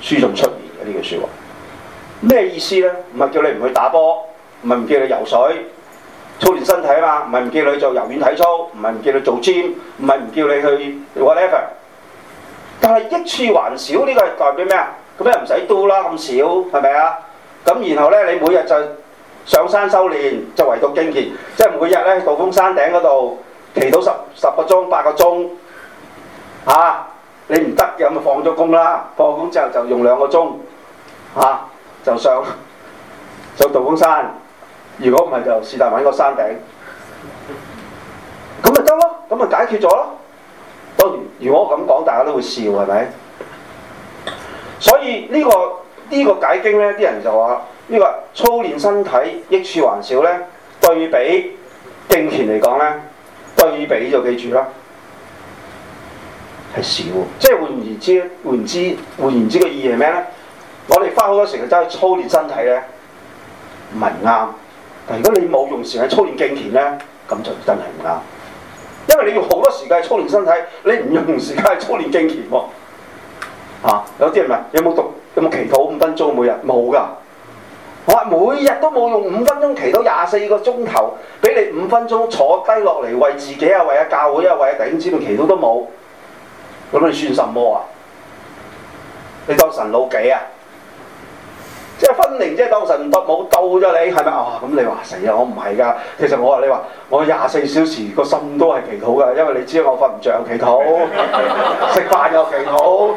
書仲出現嘅呢句說話，咩意思呢？唔係叫你唔去打波。唔係唔叫你游水，操練身體啊嘛！唔係唔叫你做游泳體操，唔係唔叫你做 gym，唔係唔叫你去做 whatever。但係益處還少，呢個代表咩啊？咁你唔使 do 啦，咁少係咪啊？咁然後咧，你每日就上山修練，就唯獨精鍵，即係每日咧，道風山頂嗰度企到十十個鐘、八個鐘，嚇你唔得嘅咪放咗工啦。放咗工之後就用兩個鐘，嚇就上上道風山。如果唔係，就是但揾個山頂，咁咪得咯，咁咪解決咗咯。當然，如果我咁講，大家都會笑，係咪？所以呢個呢個解經呢啲人就話呢個操練身體益處還少呢，對比敬虔嚟講呢，對比就記住啦，係少。即係換言之，換言之換言之嘅意義係咩呢？我哋花好多時間走去操練身體呢，唔係啱。如果你冇用時間操練敬虔呢，咁就真係唔啱。因為你用好多時間操練身體，你唔用時間操練敬虔喎。嚇、啊，有啲人咪有冇讀有冇祈禱？五分鐘每日冇㗎？我、啊、每日都冇用五分鐘祈禱廿四個鐘頭，俾你五分鐘坐低落嚟為自己啊，為啊教會啊，為啊弟兄姊妹祈禱都冇。咁你算什麼啊？你當神老幾啊？即係分靈，即係當神唔得冇道咗你，係咪啊？咁、哦、你話死啊！我唔係噶，其實我話你話，我廿四小時個心都係祈禱噶，因為你知我瞓唔着祈禱， (laughs) 食飯又祈禱，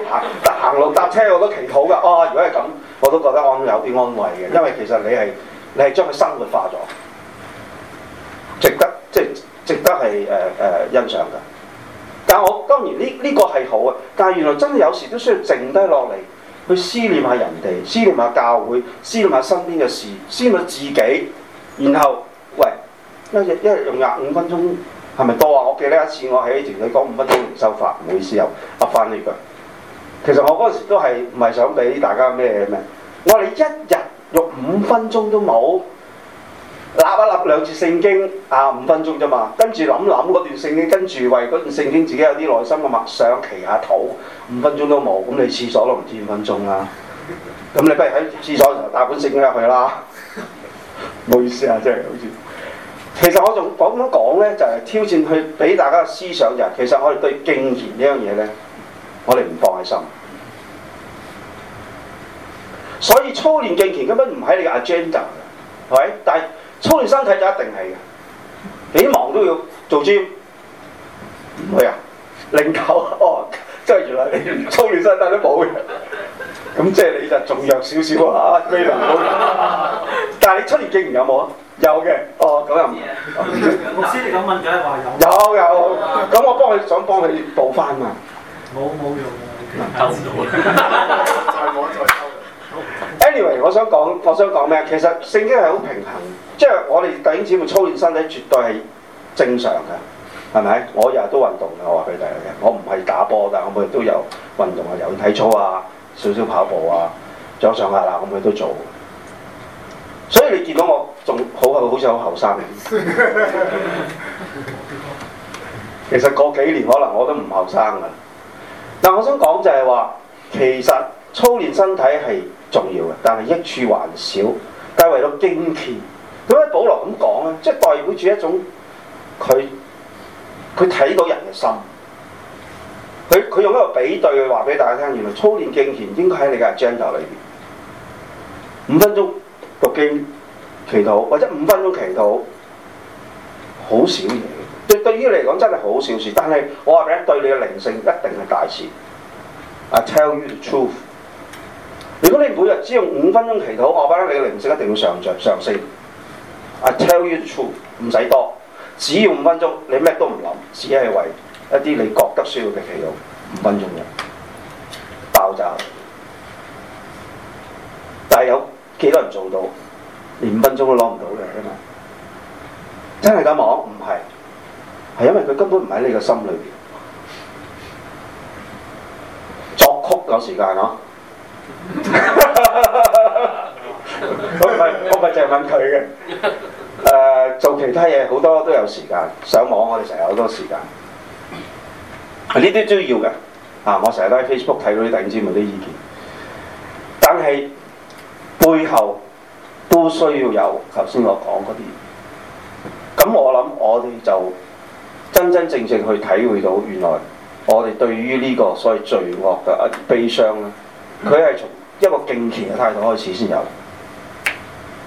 行路搭車我都祈禱噶。哦，如果係咁，我都覺得我有啲安慰嘅，因為其實你係你係將佢生活化咗，值得，即係值得係誒誒欣賞噶。但係我當然呢呢、呢個係好啊，但係原來真係有時都需要靜低落嚟。去思念下人哋，思念下教會，思念下身邊嘅事，思念下自己。然後，喂，一日一日用廿五分鐘，係咪多啊？我記得一次我喺團隊講五分鐘唔收發，唔好意思又壓翻你一句。其實我嗰時都係唔係想俾大家咩咩，我哋一日用五分鐘都冇。立一立兩節聖經啊，五分鐘咋嘛？跟住諗諗嗰段聖經，跟住為嗰段聖經自己有啲內心嘅默想，祈下禱五分鐘都冇，咁你廁所都唔止五分鐘啊！咁你不如喺廁所就帶本聖經入去啦。唔好意思啊，真係好似。其實我仲講緊講呢，就係、是、挑戰去俾大家思想就係，其實我哋對敬虔呢樣嘢呢，我哋唔放喺心。所以操練敬虔根本唔喺你嘅 agenda 嘅，係咪？但係。操練身體就一定係嘅，幾忙都要做 gym。唔會啊，零九哦，即係原來你操練身體都冇嘅。咁即係你就仲弱少少啊，非常好。但係你出年幾年有冇啊？有嘅，哦咁又唔？老師你咁問就係話有。有有，咁我幫佢想幫佢補翻嘛。冇冇用啊！OK, 夠到 (laughs) 再講再往以為我想講，我想講咩？其實聖經係好平衡，嗯、即係我哋弟兄姊妹操練身體絕對係正常嘅，係咪？我日日都運動嘅，我話畀大家聽，我唔係打波，但係我每日都有運動啊，有體操啊，少少跑步啊，早上下啦，我每日都做。所以你見到我仲好，好似好後生嘅。其實過幾年可能我都唔後生嘅。但我想講就係話，其實操練身體係。重要嘅，但係益處還少。但係為咗敬虔，咁咧，保羅咁講咧，即係代表住一種佢佢睇到人嘅心。佢佢用一個比對話俾大家聽，原來操練敬虔應該喺你嘅 agenda 裏邊。五分鐘讀經、祈禱或者五分鐘祈禱，好少嘢。對對於你嚟講真係好小事，但係我話俾你聽，對你嘅靈性一定係大事。I tell you the truth. 如果你每日只用五分鐘祈禱，我保得你嘅靈性一定會上漲上升。I tell you t h r u t 唔使多，只要五分鐘，你咩都唔諗，只係為一啲你覺得需要嘅祈禱，五分鐘嘅爆炸。但係有幾多人做到？連五分鐘都攞唔到嘅，真係咁講唔係，係因為佢根本唔喺你嘅心裏邊作曲有時間咯。我唔係，我咪淨係問佢嘅。誒、uh，做其他嘢，好多都有時間，上網我哋成日好多時間。呢、啊、啲都要嘅。啊，我成日都喺 Facebook 睇到啲弟兄姊妹啲意見，但係背後都需要有頭先我講嗰啲。咁我諗我哋就真真正正去體會到，原來我哋對於呢個所謂罪惡嘅一啲悲傷咧。佢係從一個敬虔嘅態度開始先有，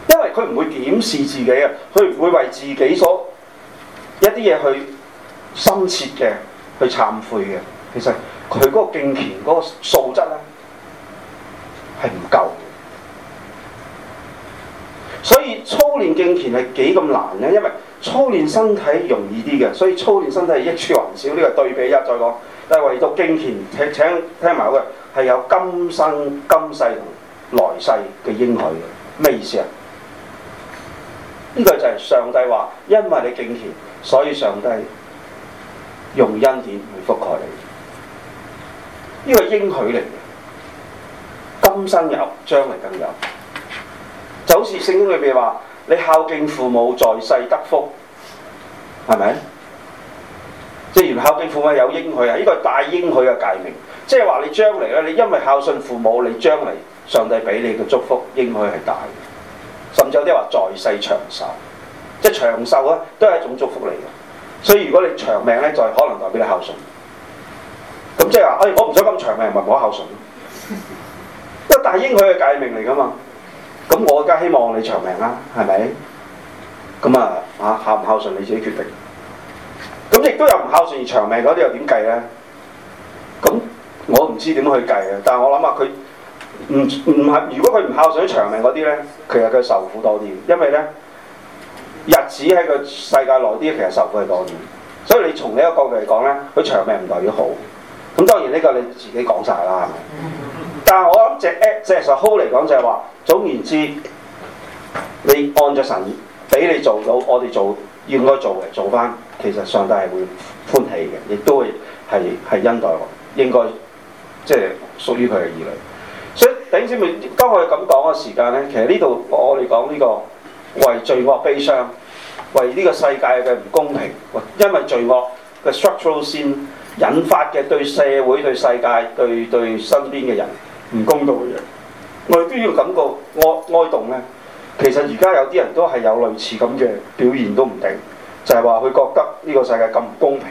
因為佢唔會檢視自己嘅，佢唔會為自己所一啲嘢去深切嘅去懺悔嘅。其實佢嗰個敬虔嗰個素質咧係唔夠，所以操練敬虔係幾咁難咧？因為操練身體容易啲嘅，所以操練身體係益處還少。呢個對比一再講，但係唯獨敬虔請，請聽埋好嘅。係有今生、今世同來世嘅應許嘅，咩意思啊？呢、這個就係上帝話，因為你敬虔，所以上帝用恩典去覆蓋你。呢、這個應許嚟嘅，今生有，將來更有。就好似聖經裏邊話，你孝敬父母，在世得福，係咪？即係原來孝敬父母有應許啊！呢、這個係大應許嘅誡命。即係話你將嚟咧，你因為孝順父母，你將嚟上帝俾你嘅祝福應該係大嘅，甚至有啲話在世長壽，即係長壽咧都係一種祝福嚟嘅。所以如果你長命咧，就可能代表你孝順。咁即係話，哎，我唔想咁長命，咪唔好孝順咯。因為 (laughs) 大英佢係界命嚟噶嘛，咁我梗係希望你長命啦，係咪？咁啊，啊孝唔孝順你自己決定。咁亦都有唔孝順而長命嗰啲又點計咧？咁。我唔知點去計啊！但係我諗下，佢唔唔係如果佢唔孝順長命嗰啲呢，其實佢受苦多啲，因為呢日子喺佢世界耐啲，其實受苦係多啲。所以你從呢個角度嚟講呢，佢長命唔代表好。咁當然呢個你自己講晒啦，係咪？但係我諗即係實好嚟講就係話，總言之，你按著神俾你做到，我哋做應該做嘅，做翻，其實上帝係會歡喜嘅，亦都會係係恩待我，應該。即係屬於佢嘅異類，所以頂先，梅，當我哋咁講嘅時間呢，其實呢度我哋講呢個為罪惡悲傷，為呢個世界嘅唔公平，因為罪惡嘅 structural sin 引發嘅對社會、對世界、對對身邊嘅人唔公道嘅嘢，我哋都要感覺哀哀慟呢。其實而家有啲人都係有類似咁嘅表現都唔定，就係話佢覺得呢個世界咁唔公平，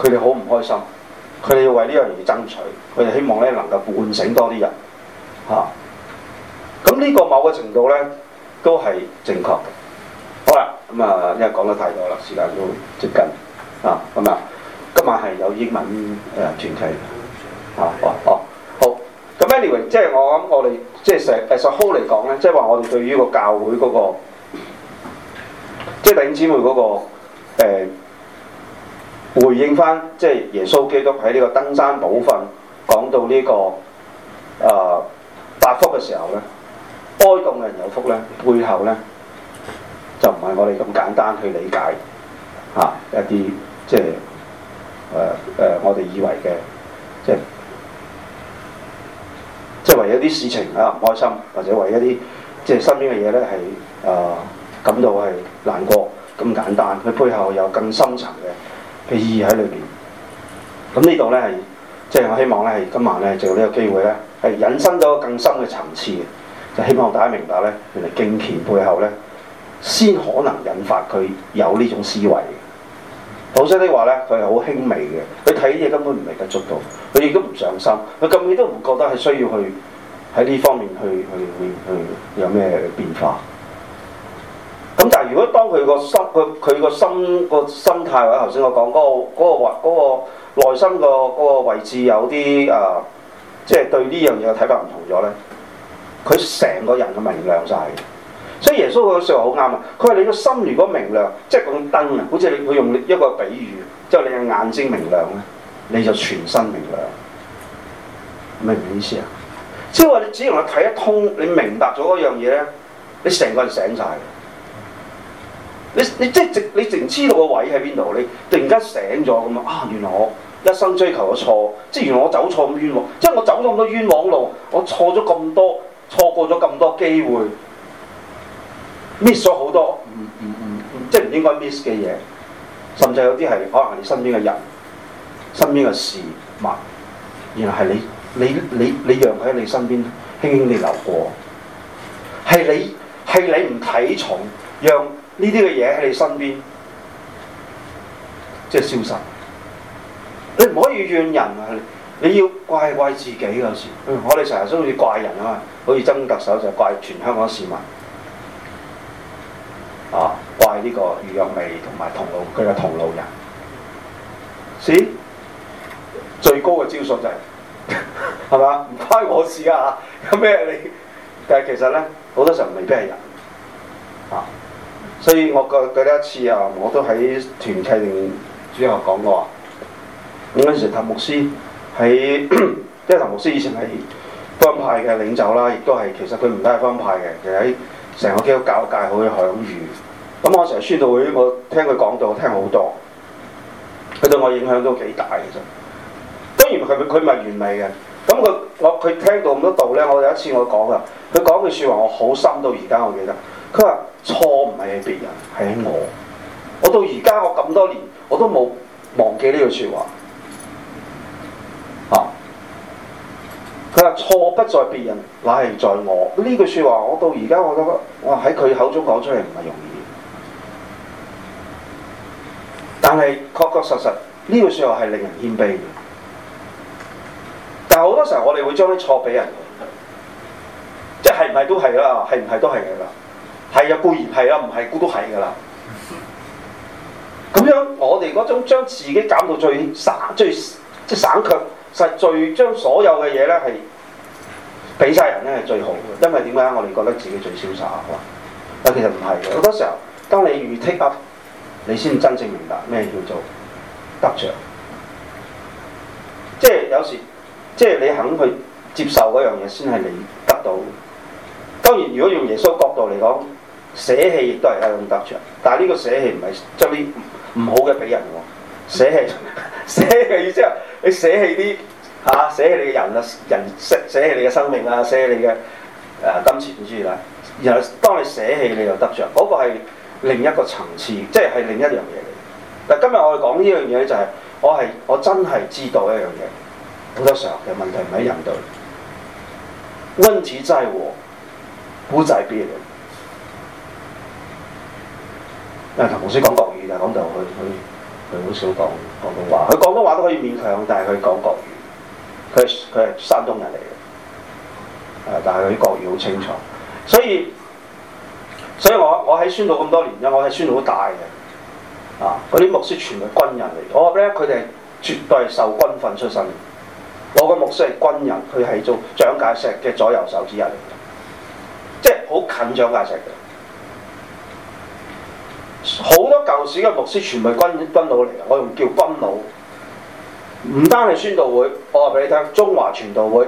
佢哋好唔開心。佢哋要為呢樣嘢爭取，佢哋希望呢能夠喚醒多啲人嚇。咁、啊、呢個某個程度呢，都係正確嘅。好啦，咁、嗯、啊，因為講得太多啦，時間都接近啊，咁、嗯、啊，今晚係有英文誒團體啊，哦、啊、哦、啊啊，好。咁 anyway，即係我我哋即係成 As a whole 嚟講呢，即係話我哋對於個教會嗰、那個，即係弟兄姊妹嗰個誒。呃回應翻即耶穌基督喺呢個登山寶訓講到呢、這個啊、呃、八福嘅時候呢，哀慟嘅人有福呢背後呢，就唔係我哋咁簡單去理解嚇、啊、一啲即係誒、呃呃、我哋以為嘅，即係即係為一啲事情啊唔開心，或者為一啲即身邊嘅嘢呢，係啊、呃、感到係難過咁簡單，佢背後有更深層嘅。嘅意義喺裏邊，咁呢度呢，係，即係我希望呢，係今晚呢，就呢個機會呢，係引申咗更深嘅層次，就希望大家明白呢，原來敬虔背後呢，先可能引發佢有呢種思維，否則的話呢，佢係好輕微嘅，佢睇嘢根本唔係得足度，佢亦都唔上心，佢根本都唔覺得係需要去喺呢方面去去去去有咩變化。咁但係如果當佢個心佢佢個心個心態或者頭先我講嗰、嗰個嗰、嗰個位內心個嗰、嗰個嗰個、位置有啲啊、呃，即係對呢樣嘢嘅睇法唔同咗呢，佢成個人就明亮晒。所以耶穌佢説話好啱啊！佢話你個心如果明亮，即係嗰種燈啊，好似佢用一個比喻，即係你嘅眼睛明亮呢，你就全身明亮，明唔明意思啊？即係話你只要去睇一通，你明白咗嗰樣嘢呢，你成個人醒晒。你即係直你直然知道個位喺邊度？你突然間醒咗咁啊！原來我一生追求咗錯，即係原來我走錯咁冤枉，即係我走咗咁多冤枉路，我錯咗咁多，錯過咗咁多機會，miss 咗好多，嗯嗯嗯，即係唔應該 miss 嘅嘢，甚至有啲係可能係你身邊嘅人、身邊嘅事物，原來係你你你你讓佢喺你身邊輕輕地流過，係你係你唔睇重，讓。呢啲嘅嘢喺你身邊，即係消失。你唔可以怨人啊！你要怪怪自己嗰時、嗯。我哋成日都好似怪人啊，好似曾特首就怪全香港市民啊，怪呢個余若薇同埋同路佢嘅同路人。史最高嘅招數就係、是，係咪唔關我事啊！咁咩你？但係其實咧，好多時候未必係人啊。所以我覺覺得一次啊，我都喺團契定之後講過。咁嗰時塔牧師喺，因為塔牧師以前係方派嘅領袖啦，亦都係其實佢唔單係方派嘅，其實喺成個基督教界好有響譽。咁我成日宣道會我聽佢講道，聽好多，佢對我影響都幾大嘅。當然佢佢唔係完美嘅，咁佢我佢聽到咁多道呢，我有一次我講啊，佢講嘅説話我好深到而家我記得。佢話錯唔係喺別人，係喺我。我到而家我咁多年，我都冇忘記呢句説話。嚇、啊！佢話錯不在別人，乃係在我。呢句説話我到而家我覺得我喺佢口中講出嚟唔係容易。但係確確實實呢句説話係令人謙卑嘅。但係好多時候我哋會將啲錯畀人，即係唔係都係啦、啊？係唔係都係㗎、啊？係啊，固然係啊，唔係估都係㗎啦。咁樣我哋嗰種將自己減到最省、最即省卻，實最將所有嘅嘢呢，係俾晒人呢係最好嘅。因為點解我哋覺得自己最瀟灑？啊，其實唔係嘅。好多時候，當你預剔啊，你先真正明白咩叫做得著。即係有時，即係你肯去接受嗰樣嘢，先係你得到。當然，如果用耶穌角度嚟講，捨棄亦都係一種得着，但係呢個捨棄唔係將啲唔好嘅畀人喎，捨棄捨棄嘅意思係你捨棄啲嚇，捨、啊、捨棄你嘅人啦，人捨捨棄你嘅生命啊，捨棄你嘅誒金錢之類，然後當你捨棄你就得着。嗰個係另一個層次，即係係另一樣嘢嚟。但今日我哋講呢樣嘢就係我係我真係知道一樣嘢，好多時候嘅問題唔喺人度，問題在我，不在別人。阿頭牧師講國語就講到佢佢佢好少講講廣東話，佢廣東話都可以勉強，但係佢講國語，佢係佢係山東人嚟嘅，但係佢啲國語好清楚，所以所以我我喺宣道咁多年啦，我喺宣道好大嘅，啊，嗰啲牧師全部係軍人嚟，我話咧佢哋絕對係受軍訓出身，我個牧師係軍人，佢係做蔣介石嘅左右手之一嚟嘅，即係好近蔣介石嘅。好多舊時嘅牧師全部係軍軍佬嚟嘅，我用叫軍佬。唔單係宣道會，我話俾你聽，中華傳道會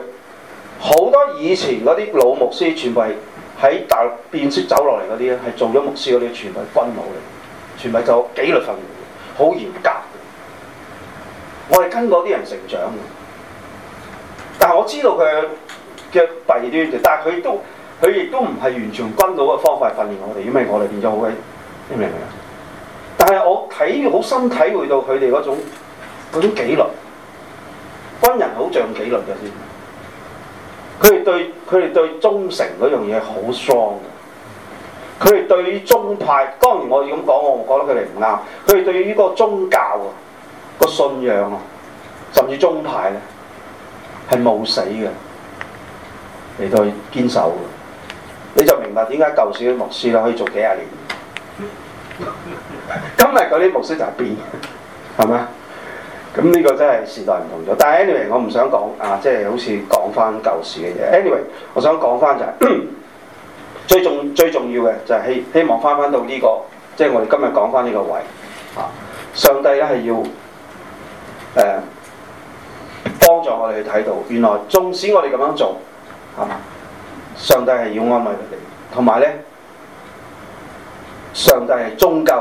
好多以前嗰啲老牧師全部係喺大陸變色走落嚟嗰啲咧，係做咗牧師嗰啲全部係軍佬嚟，全部就紀律訓練，好嚴格。我哋跟嗰啲人成長，但係我知道佢嘅弊端。但係佢都佢亦都唔係完全軍佬嘅方法訓練我哋，因為我哋變咗好鬼。你明唔明啊？但係我睇好深體會到佢哋嗰種嗰種紀律，軍人好像紀律嘅先。佢哋對佢哋對忠誠嗰樣嘢好 strong 嘅。佢哋對於宗派，當然我哋咁講，我覺得佢哋唔啱。佢哋對於呢個宗教啊，個信仰啊，甚至宗派咧，係冇死嘅，嚟到堅守嘅。你就明白點解舊時嘅牧師咧可以做幾廿年。今日嗰啲模式就變，係嘛？咁呢個真係時代唔同咗。但係 anyway，我唔想講啊，即係好似講翻舊時嘅嘢。Anyway，我想講翻就係最重最重要嘅就係希希望翻翻到呢個，即係我哋今日講翻呢個位啊。上帝咧係要誒幫助我哋去睇到，原來縱使我哋咁樣做啊，上帝係要安慰佢哋，同埋呢。上帝係終究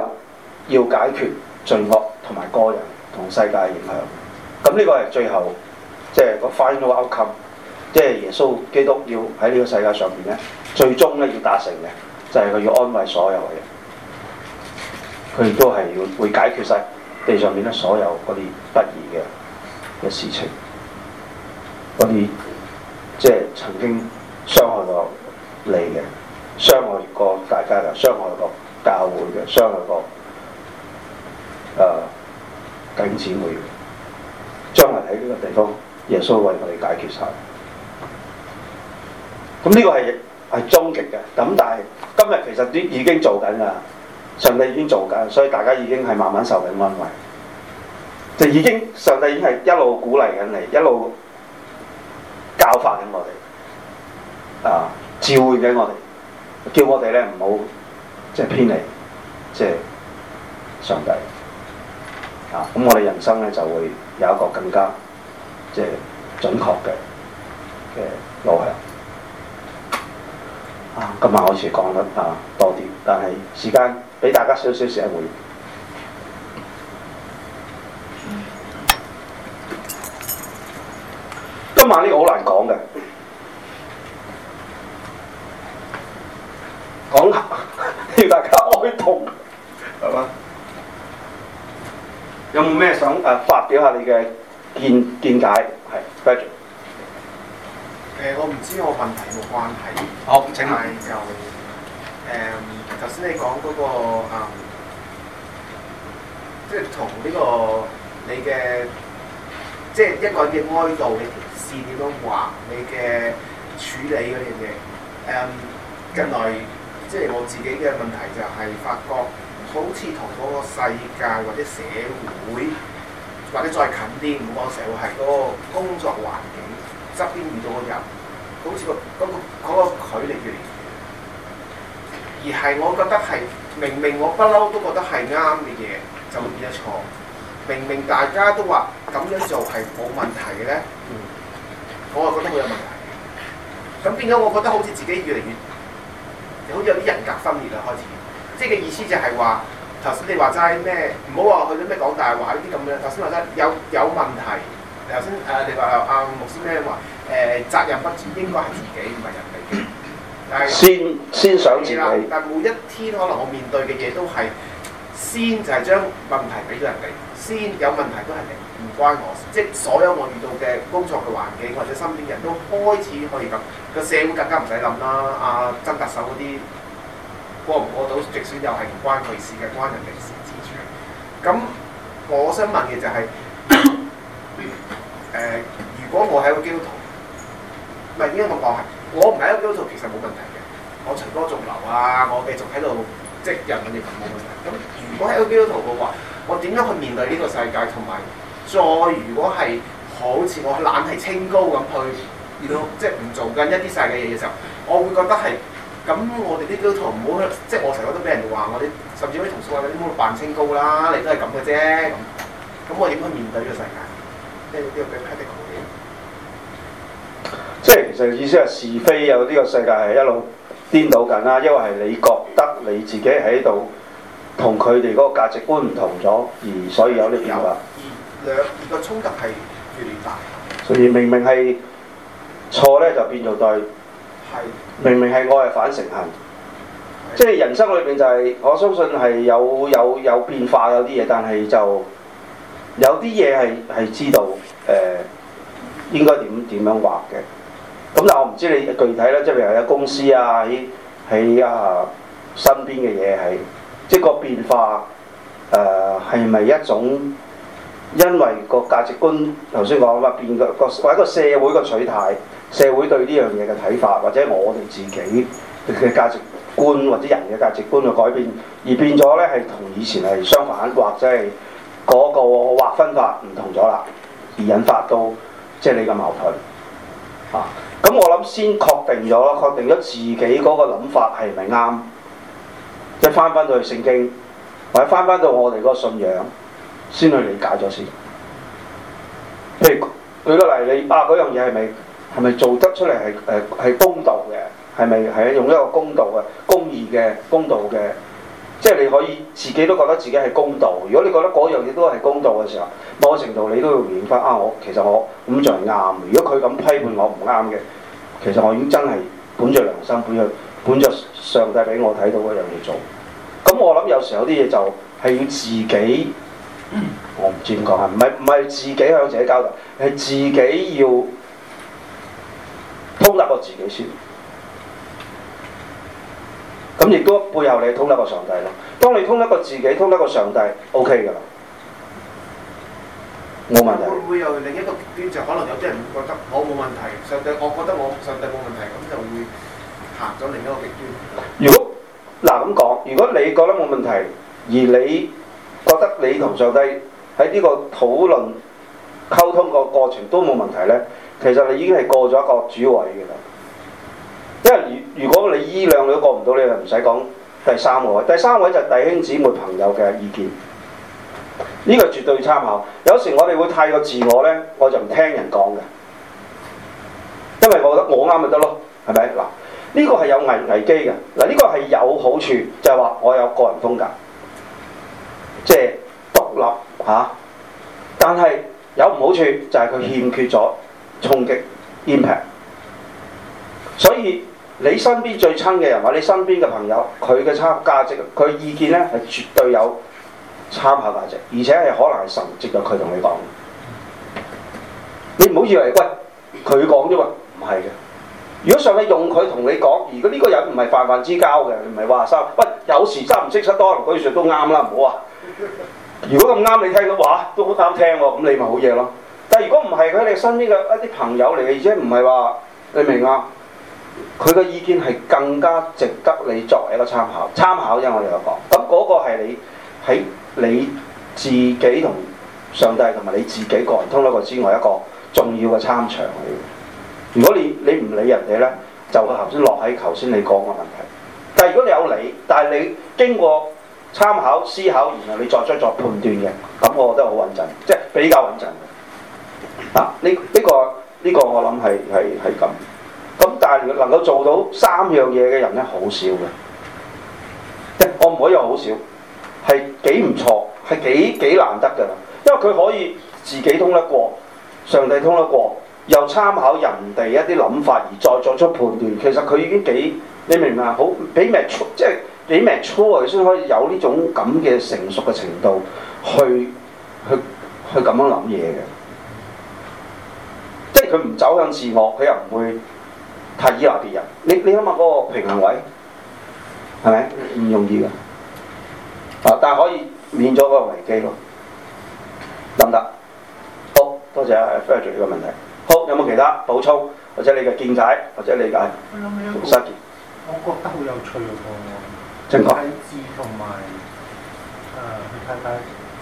要解決罪惡同埋個人同世界嘅影響。咁呢個係最後，即係個 final outcome，即係耶穌基督要喺呢個世界上面咧，最終咧要達成嘅就係佢要安慰所有嘅人。佢亦都係要會解決晒地上面咧所有嗰啲不義嘅嘅事情，嗰啲即係曾經傷害過你嘅、傷害過大家嘅、傷害過。教會嘅，商有個誒弟兄姊妹，將來喺呢個地方，耶穌為我哋解決晒。咁、這、呢個係係終極嘅，咁但係今日其實啲已經做緊啦，上帝已經做緊，所以大家已經係慢慢受緊安慰，就已經上帝已經係一路鼓勵緊你，一路教化緊我哋，啊、呃，召喚緊我哋，叫我哋咧唔好。即係偏離，即係上帝啊！咁我哋人生咧就會有一個更加即係準確嘅嘅路向啊！今晚好似講得啊多啲，但係時間俾大家少少時間會。嗯、今晚呢個好難講嘅。講下叫大家哀慟係嘛？有冇咩想誒、呃、發表下你嘅見見解？係 budget。誒、呃，我唔知我問題冇關係。好、哦，請問就誒，頭先、嗯嗯、你講嗰、那個即係從呢個你嘅，即、就、係、是、一個人嘅哀悼，你是點樣話你嘅處理嗰樣嘢？誒、嗯，近來。嗯即係我自己嘅問題、就係，就係發覺好似同嗰個世界或者社會，或者再近啲唔講社會係嗰個工作環境側邊遇到嘅人，好似、嗰個嗰、嗰個嗰個距離越嚟越遠，而係我覺得係明明我不嬲都覺得係啱嘅嘢，就變咗錯。明明大家都話咁樣做係冇問題嘅咧、嗯，我係覺得會有問題。咁變咗，我覺得好似自己越嚟越～好似有啲人格分裂啊！開始，即係嘅意思就係話，頭先你話齋咩？唔好話去到咩講大話呢啲咁樣，頭先話齋有有問題，頭先誒你話阿、啊、牧師咩話誒責任不負應該係自己，唔係人哋嘅。先先想自己，但係每一天可能我面對嘅嘢都係先就係將問題俾咗人哋。先有問題都係唔唔關我，即係所有我遇到嘅工作嘅環境或者身邊嘅人都開始可以咁個社會更加唔使諗啦，阿、啊、曾特首嗰啲過唔過到直選又係唔關佢事嘅，關，事關人哋事之處。咁我想問嘅就係、是、誒、 (coughs) 呃，如果我喺個基督徒，唔係應該咁講係，我唔喺個基督徒其實冇問題嘅，我隨波逐流啊，我繼續喺度積人哋份工嘅啫。咁如果喺個基督徒嘅話，我點樣去面對呢個世界？同埋再如果係好似我懶係清高咁去，而都即係唔做緊一啲細嘅嘢嘅時候，我會覺得係咁。我哋呢啲基督徒唔好，即係我成日都俾人哋話我啲，甚至可以同事話你好扮清高啦，你都係咁嘅啫。咁咁我點去面對呢個世界？即係呢個嘅 critical point。即係其實意思係是是非有呢個世界係一路顛倒緊啦，因為係你覺得你自己喺度。同佢哋嗰個價值觀唔同咗，而所以有啲變化。而兩而個衝突係越嚟越大。所以明明係錯咧，就變做對。係的。明明係我係反成恨。的即係人生裏邊就係、是，我相信係有有有，有變化有啲嘢，但係就有啲嘢係係知道誒、呃、應該點點樣畫嘅。咁但係我唔知你具體咧，即係譬如有公司啊，喺喺啊身邊嘅嘢係。即個變化，誒係咪一種因為個價值觀頭先講話，變個或者個社會個取態，社會對呢樣嘢嘅睇法，或者我哋自己嘅價值觀或者人嘅價值觀嘅改變，而變咗呢係同以前係相反，或者係嗰個劃分法唔同咗啦，而引發到即係、就是、你嘅矛盾啊。咁我諗先確定咗，確定咗自己嗰個諗法係咪啱？即係翻翻到去聖經，或者翻翻到我哋嗰個信仰，先去理解咗先。譬如舉個例，你啊嗰樣嘢係咪係咪做得出嚟係誒係公道嘅？係咪係用一個公道嘅公義嘅公道嘅？即係你可以自己都覺得自己係公道。如果你覺得嗰樣嘢都係公道嘅時候，某程度你都要反映翻啊！我其實我咁就係啱。如果佢咁批判我唔啱嘅，其實我已經真係本着良心本着。本着本着上帝俾我睇到嗰樣嘢做，咁我諗有時候啲嘢就係要自己，嗯、我唔知點講啊，唔係唔係自己向自己交代，係自己要通得過自己先。咁亦都背後你通得過上帝咯。當你通得過自己，通得過上帝，OK 噶啦，冇問題。會唔會有另一個極端就可能有啲人會覺得我冇問題，上帝，我覺得我上帝冇問題，咁就會，行咗另一個極端。如果嗱咁講，如果你覺得冇問題，而你覺得你同上帝喺呢個討論溝通個過程都冇問題呢，其實你已經係過咗一個主位嘅啦。因為如如果你依兩都過唔到，你就唔使講第三個位。第三位就係弟兄姊妹朋友嘅意見，呢個絕對參考。有時我哋會太過自我呢，我就唔聽人講嘅，因為我覺得我啱咪得咯，係咪嗱？呢個係有危危機嘅。嗱、這、呢個係有好處，就係、是、話我有個人風格，即係獨立嚇、啊。但係有唔好處，就係佢欠缺咗衝擊 impact。所以你身邊最親嘅人，或者你身邊嘅朋友，佢嘅參價值、佢意見呢，係絕對有參考價值，而且係可能係純直頭佢同你講。你唔好以為喂，佢講啫喎，唔係嘅。如果上帝用佢同你講，如果呢個人唔係泛泛之交嘅，唔係話三，喂，有時三唔識七多，多言幾説都啱啦，唔好啊。如果咁啱你聽到話，都好啱聽喎，咁你咪好嘢咯。但係如果唔係佢係你身邊嘅一啲朋友嚟嘅，而且唔係話，你明啊？佢嘅意見係更加值得你作為一個參考，參考啫。我哋有講，咁嗰個係你喺你自己同上帝同埋你自己個人通到個之外一個重要嘅參場嚟嘅。如果你你唔理人哋呢，就會頭先落喺頭先你講嘅問題。但係如果你有理，但係你經過參考思考，然後你再再再判斷嘅，咁我覺得好穩陣，即係比較穩陣啊，呢呢個呢個我諗係係係咁。咁但係能夠做到三樣嘢嘅人呢，好少嘅。我唔可以話好少，係幾唔錯，係幾幾難得㗎。因為佢可以自己通得過，上帝通得過。又參考人哋一啲諗法而再作出判斷，其實佢已經幾你明唔明？好俾命粗，ry, 即係俾命粗啊，先可以有呢種咁嘅成熟嘅程度，去去去咁樣諗嘢嘅。即係佢唔走向自我，佢又唔會太依賴別人。你你諗下嗰個平衡位係咪唔容易㗎？啊，但係可以免咗個危機咯，得唔得？好多謝阿 Frederick 呢個問題。有冇其他補充，或者你嘅見解或者理解？我覺得好有趣個喎。鄭國確。志同埋誒，你睇睇。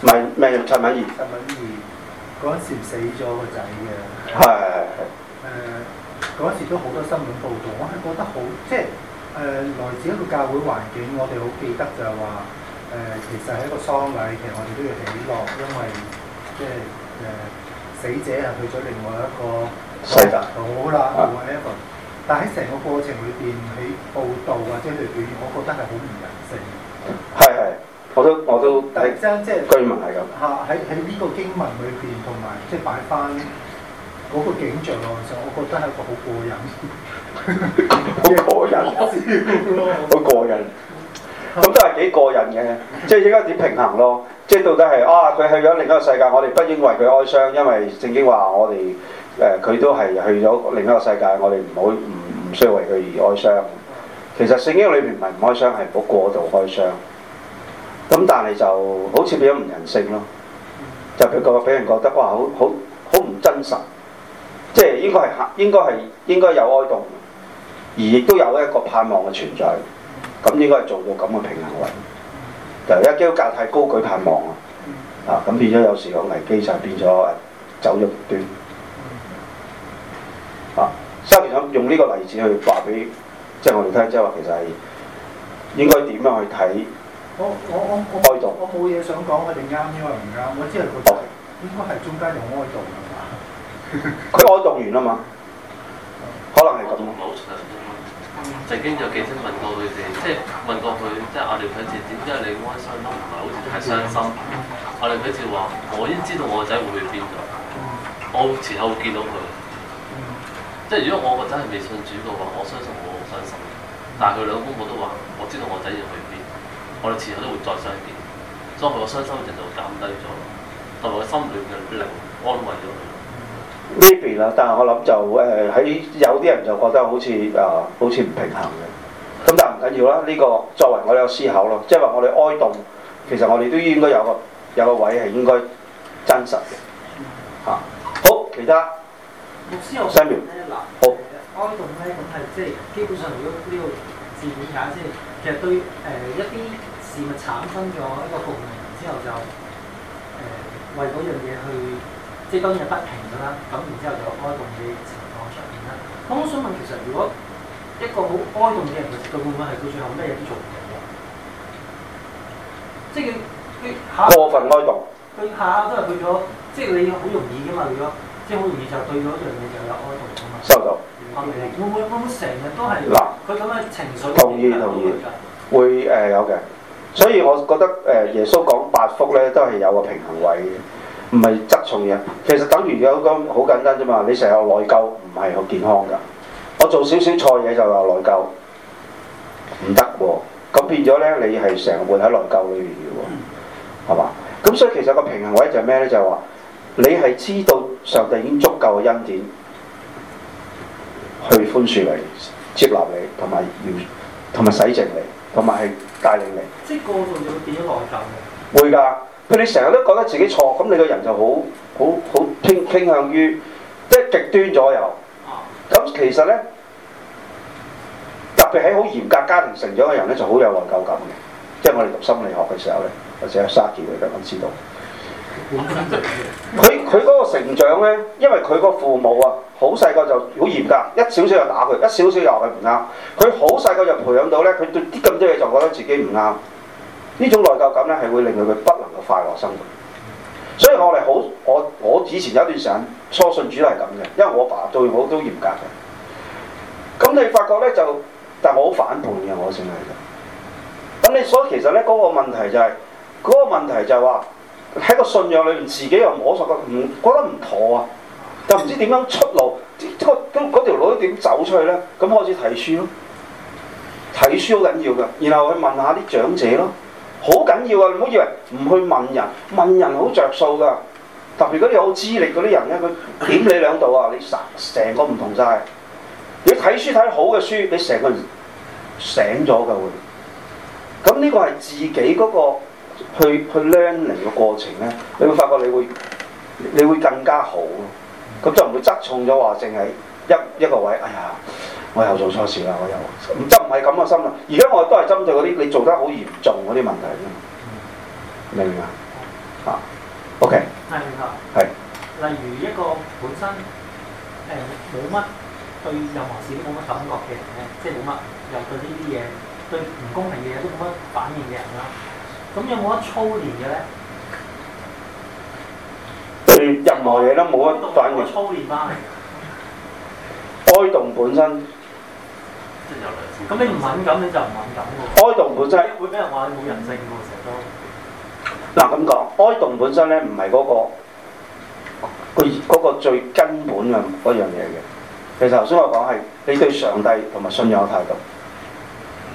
咪咩？陳敏兒。陳敏兒嗰陣時死咗個仔嘅。係係係。誒嗰的、呃、時都好多新聞報導，我係覺得好即係誒、呃、來自一個教會環境，我哋好記得就係話誒其實係一個喪禮，其實我哋都要喜樂，因為即係誒。呃死者係，去咗另外一個世界，好啦，另外一個。但喺成個過程裏邊，喺的報道或者嚟表現，我覺得係好唔人性。係係，我都我都。第一即係居民係咁。嚇！喺喺呢個經文裏邊，同埋即係擺翻嗰個景象咯。就我覺得係一個好過癮。好 (laughs) (laughs) 過癮！好 (laughs) 過癮！ (laughs) 咁都係幾過癮嘅，即係而家點平衡咯？即係到底係啊，佢去咗另一個世界，我哋不應為佢哀傷，因為聖經話我哋誒佢都係去咗另一個世界，我哋唔好唔唔需要為佢而哀傷。其實聖經裏面唔係唔哀傷，係唔好過度哀傷。咁但係就好似變咗唔人性咯，就俾人覺得哇，好好好唔真實。即係應該係客，應該係應該，應該有哀慟，而亦都有一個盼望嘅存在。咁應該係做到咁嘅平衡位，就一叫價太高舉太忙，佢盼望啊，啊咁變咗有時有危機就變咗走咗極端。啊！所以我想用呢個例子去話俾即係我哋聽，即係話其實係應該點樣去睇？我我我我冇嘢想講，佢哋啱因為唔啱，我知係佢、嗯、應該係中間就哀慟啦嘛，佢 (laughs) 哀慟完啦嘛，可能係咁曾經有記者問過佢哋，即係問過佢，即係阿廖啟智，點解你哀傷都唔係好似太傷心？阿廖啟智話：我已經知道我個仔會去邊咗，我遲後會見到佢。即係如果我個仔係未信主嘅話，我相信我好傷心。但係佢兩公婆都話：我知道我仔要去邊，我哋遲後都會再相見面，所以我傷心程度減低咗，同埋我心裏嘅靈安慰咗。佢。呢邊啦，但係我諗就誒喺有啲人就覺得好似啊，好似唔平衡嘅。咁但係唔緊要啦，呢個作為我哋有思考咯，即係話我哋哀慟，其實我哋都應該有個有個位係應該真實嘅。嚇，好其他。牧師我三邊。嗱，好。哀慟咧，咁係即係基本上如果呢個字面下先，其實對誒一啲事物產生咗一個共鳴之後就誒為嗰樣嘢去。即係當日不然不停噶啦，咁然之後有哀慟嘅情況出現啦。我想問，其實如果一個好哀慟嘅人，佢會唔會係佢最後咩嘢都做唔到嘅？即係佢佢過分哀慟，佢下都係去咗，即係你好容易噶嘛，如果即係好容易就對咗一樣嘢就有哀慟噶嘛。收到。係會唔會會唔會成日都係嗱佢咁嘅情緒？同意同意，會誒有嘅。所以我覺得誒耶穌講八福咧，都係有個平衡位嘅。唔係執重嘢，其實等於有個好簡單啫嘛。你成日內疚，唔係好健康㗎。我做少少錯嘢就話內疚，唔得喎。咁變咗呢，你係成日活喺內疚裏邊嘅喎，係嘛、嗯？咁所以其實個平衡位就係咩呢？就係、是、話你係知道上帝已經足夠嘅恩典去寬恕你、接納你、同埋要同埋洗淨你，同埋係帶領你。即係過度，就會變咗內疚嘅？會㗎。佢哋成日都覺得自己錯，咁你個人就好好好傾傾向於即係極端左右。咁其實呢，特別喺好嚴格家庭成長嘅人呢，就好有內疚感嘅。即係我哋讀心理學嘅時候呢，或者 Saki 佢哋都知道。佢佢嗰個成長呢，因為佢個父母啊，好細個就好嚴格，一少少就打佢，一少少又話佢唔啱。佢好細個就培養到呢，佢對啲咁多嘢就覺得自己唔啱。呢種內疚感咧，係會令到佢不能夠快樂生活。所以我哋好，我我以前有一段時間初信主都係咁嘅，因為我爸對我都嚴格嘅。咁你發覺呢？就，但我好反叛嘅，我算係㗎。咁你所以其實呢嗰個問題就係，嗰個問題就係話喺個信仰裏面自己又摸索，唔覺得唔妥啊，就唔知點樣出路，即個嗰嗰條路點走出去呢？咁開始睇書咯。睇書好緊要㗎，然後去問下啲長者咯。好緊要啊！唔好以為唔去問人，問人好着數噶。特別嗰啲有資歷嗰啲人咧，佢點你兩度啊，你成成個唔同晒！你睇書睇好嘅書，你成個人醒咗噶會。咁呢個係自己嗰個去去 learning 嘅過程咧，你會發覺你會你會更加好。咁就唔會側重咗話淨係。一一個位，哎呀，我又做錯事啦！我又，唔執唔係咁嘅心啦。而家我都係針對嗰啲你做得好嚴重嗰啲問題啫。明唔明啊？嚇，OK 的。係啊的。係。例如一個本身誒冇乜對任何事都冇乜感覺嘅人，即係冇乜又對呢啲嘢對唔公平嘅嘢都冇乜反應嘅人啦。咁有冇得操練嘅咧？對任何嘢都冇乜反應。操練翻嚟。哀動本身，咁你唔敏感你就唔敏感噶喎。哀動本身會俾人話你冇人性喎，成日都嗱咁講，哀動本身咧唔係嗰個，個嗰個最根本嘅嗰樣嘢嘅。其實頭先我講係你對上帝同埋信仰嘅態度，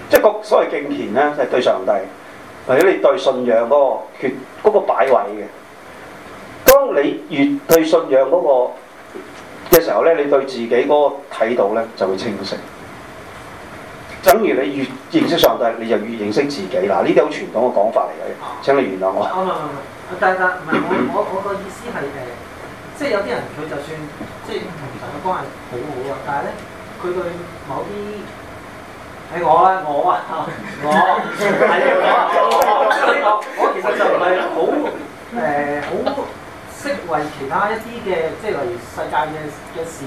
即係個所謂敬虔咧，就係對上帝，或者你對信仰嗰個缺嗰個擺位嘅。當你越對信仰嗰個嘅時候咧，你對自己嗰個睇到咧就會清晰。等如你越認識上帝，你就越認識自己。嗱，呢啲好傳統嘅講法嚟嘅。請你原諒我。嗯嗯、但但唔係我我 (laughs) 我個意思係誒，即係有啲人佢就算即係同神嘅關係好好嘅，但係咧，佢對某啲，係、哎、我啦，我啊，我係 (laughs) 我,、哎、我，我,我,我,我,我其實就唔係好誒好。呃識為其他一啲嘅，即係例如世界嘅嘅事，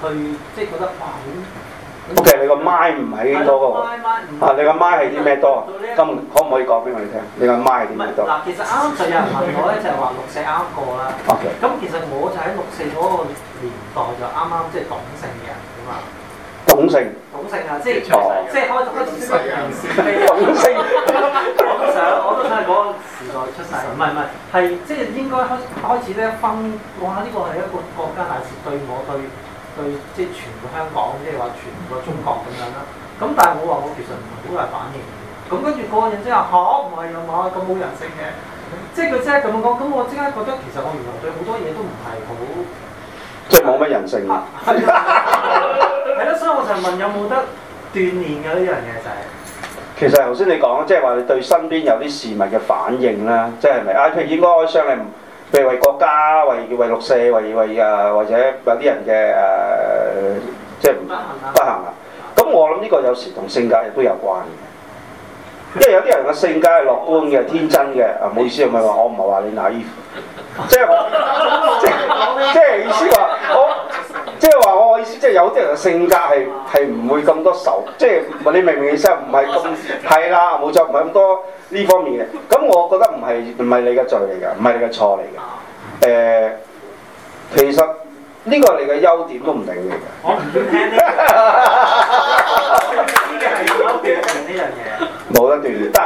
去即係覺得哇，好！O K，你個麥唔係幾多噶喎？嗯、媽媽啊，你個麥係啲咩多？咁可唔可以講俾我哋聽？你個麥係啲咩多？嗱，其實啱啱成日問我咧，就係話六四啱過啦。O K，咁其實我就喺六四嗰個年代就啱啱即係懂性嘅啊嘛。董盛，董盛啊！性即係出世，即係開開始十年性 (laughs) 我都想，我都想係嗰個時代出世。唔係唔係，係即係應該開開始咧，分。哇！呢個係一個國家大事，對我對對，即係全個香港，即係話全個中國咁樣啦。咁但係我話我其實唔係好大反應嘅。咁跟住個人即係話，嚇唔係啊嘛，咁冇、啊、人性嘅。即係佢即係咁講，咁我即刻覺得其實我原來對好多嘢都唔係好。即係冇乜人性嘅，係咯，所以我就問有冇得鍛鍊嘅呢樣嘢就係。其實頭先你講即係話你對身邊有啲事物嘅反應啦，即係咪？啊，譬如哀傷，你譬如為國家、為為六四、為為啊，或者有啲人嘅誒，即、呃、係、即係、不幸行啦、啊。咁、啊、我諗呢個有時同性格亦都有關嘅，因為有啲人嘅性格係樂觀嘅、 (laughs) 天真嘅。啊，唔好意思，唔咪話我唔係話你 naive，即係即係即係意思即係話我意思，即係有啲人性格係係唔會咁多仇，即係你明唔明意思？唔係咁，係啦冇錯，唔係咁多呢方面嘅。咁我覺得唔係唔係你嘅罪嚟嘅，唔係你嘅錯嚟嘅。誒、呃，其實呢、呢個你嘅優點都唔定你嘅。呢個，呢 (laughs) 個係我呢樣嘢。 (laughs) 冇得鍛鍊得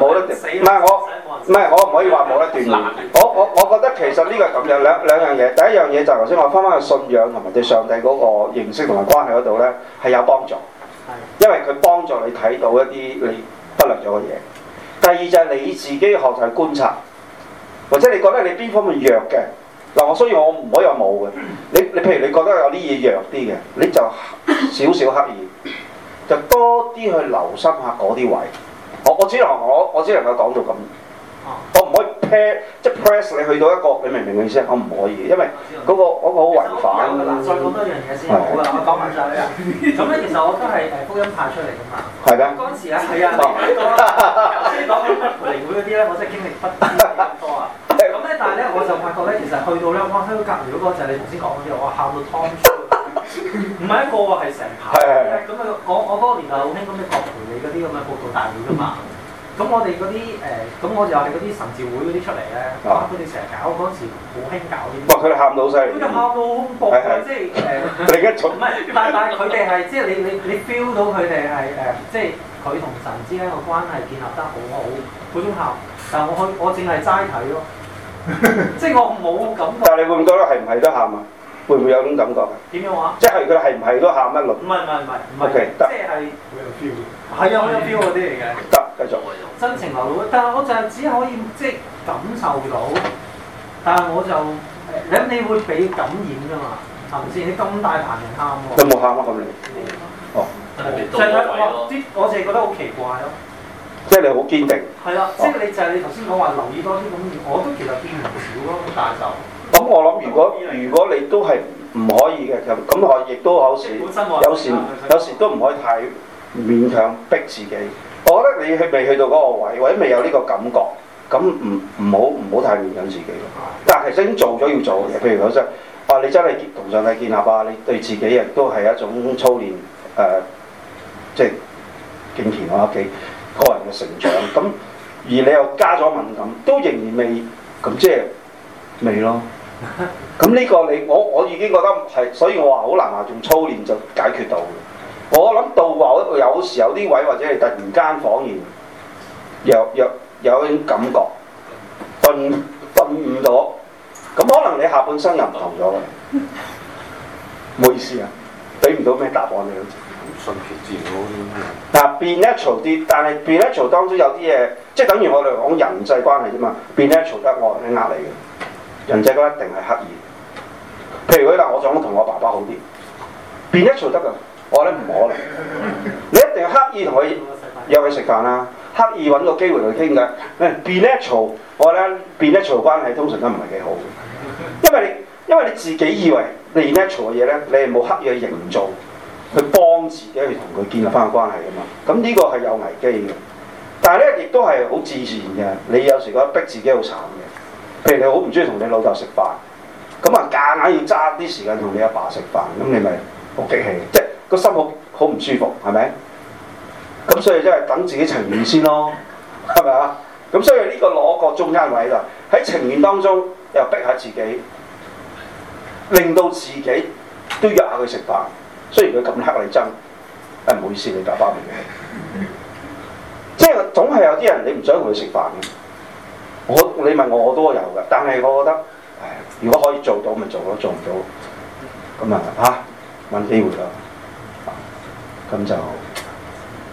冇得鍛，唔係難我唔係我唔可以話冇得鍛鍊。我我我覺得其實呢個係咁樣兩兩樣嘢。第一樣嘢就係頭先我翻翻去信仰同埋對上帝嗰個認識同埋關係嗰度呢，係有幫助，的因為佢幫助你睇到一啲你忽略咗嘅嘢。第二就係你自己學習觀察，或者你覺得你邊方面弱嘅嗱，所以我雖然我唔可以話冇嘅，你你譬如你覺得有啲嘢弱啲嘅，你就少少，少刻意。就多啲去留心下嗰啲位，我我只能我我只能夠講到咁，啊、我唔可以 press 即 press 你去到一個，你明唔明嘅意思？我唔可以，因為嗰、嗰個好違反。再講多樣嘢先。我講埋晒你啊。咁咧其實我都係誒福音派出嚟嘅嘛。係㗎的。當時啊係啊嚟 (laughs) 會嗰啲咧，我真係經歷不不咁多啊。咁咧 (laughs) 但係咧我就發覺咧，其實去到咧，我喺佢隔籬嗰個就係你頭先講嗰啲，我喊到湯出。唔係一個喎，係成排嘅。咁、 (noise) 嗯呃、啊，我我嗰個年代好興咁嘅國培你嗰啲咁嘅佈道大會噶嘛。咁我哋嗰啲誒，咁我就係嗰啲神召會嗰啲出嚟咧。哇！佢哋成日搞嗰陣時好興搞。哇！佢哋喊到死。佢哋喊到好恐怖，嗯、的即係誒、呃。你而家唔係，但但佢哋係即係你你你 feel 到佢哋係誒，即係佢同神之間嘅關係建立得好好好鍾意喊。但係我去我淨係齋睇咯，即係我冇感覺。但係你會唔會覺得係唔係得喊啊？是會唔會有種感覺㗎？點樣話？即係佢係唔係都喊一輪？唔係唔係唔係，即係會有 feel，係啊！好有 feel 嗰啲嚟嘅。得繼續。真情流露，但係我就係只可以即係感受到，但係我就你咁，你會俾感染㗎嘛？係咪先？你咁大棚人喊喎。有冇喊啊？咁你？哦，即係就係我知，嗯、我就係覺得好奇怪咯。即係你好堅定。係啦、嗯，即係你就係你頭先講話留意多啲咁嘢，我都其實見唔少咯，但係就。咁我諗，如果如果你都係唔可以嘅咁，我亦都有時，有時有時都唔可以太勉強逼自己。我覺得你去未去到嗰個位，或者未有呢個感覺，咁唔唔好唔好太勉強自己。但係其實已經做咗要做嘅，譬如講真，啊，你真係同上帝建立啊，你對自己亦都係一種操練誒，即係敬鍊我屋企個人嘅成長。咁而你又加咗敏感，都仍然未咁，即係未咯。咁呢個你我我已經覺得係，所以我話好難話用操練就解決到。我諗到話有時有啲位或者你突然間恍然，有有有一種感覺頓頓悟到，咁可能你下半生又唔同咗。唔好意思啊，俾唔到咩答案你。順其自然嗰啲咩？嗱，變一籌啲，但係變一籌當中有啲嘢，即係等於我哋講人際關係啫嘛，變一籌得我係壓力嘅。人際關係一定係刻意，譬如佢話，我想同我爸爸好啲，變 (music) 一嘈得噶，我咧唔可能， (music) 你一定係刻意同佢約佢食飯啦，刻意揾個機會去同佢傾偈，唔變 (music) 一嘈，我呢，變一嘈關係通常都唔係幾好，因為你因為你自己以為你變一嘈嘅嘢呢，你係冇刻意去營造，去幫自己去同佢建立翻個關係啊嘛，咁呢個係有危機嘅，但係呢亦都係好自然嘅，你有時覺得逼自己好慘。譬如你好唔中意同你老豆食飯，咁啊夾硬要揸啲時間同你阿爸食飯，咁你咪好激氣，即係個心好好唔舒服，係咪？咁所以即係等自己情願先咯，係咪啊？咁所以呢個攞個中間位啦，喺情願當中又逼下自己，令到自己都約下佢食飯。雖然佢咁乞你憎，但、哎、唔好意思，你打翻嚟， (laughs) 即係總係有啲人你唔想同佢食飯嘅。我你問我我都有嘅，但係我覺得，如果可以做到咪做咯，做唔到咁啊，嚇，揾機會咯。咁就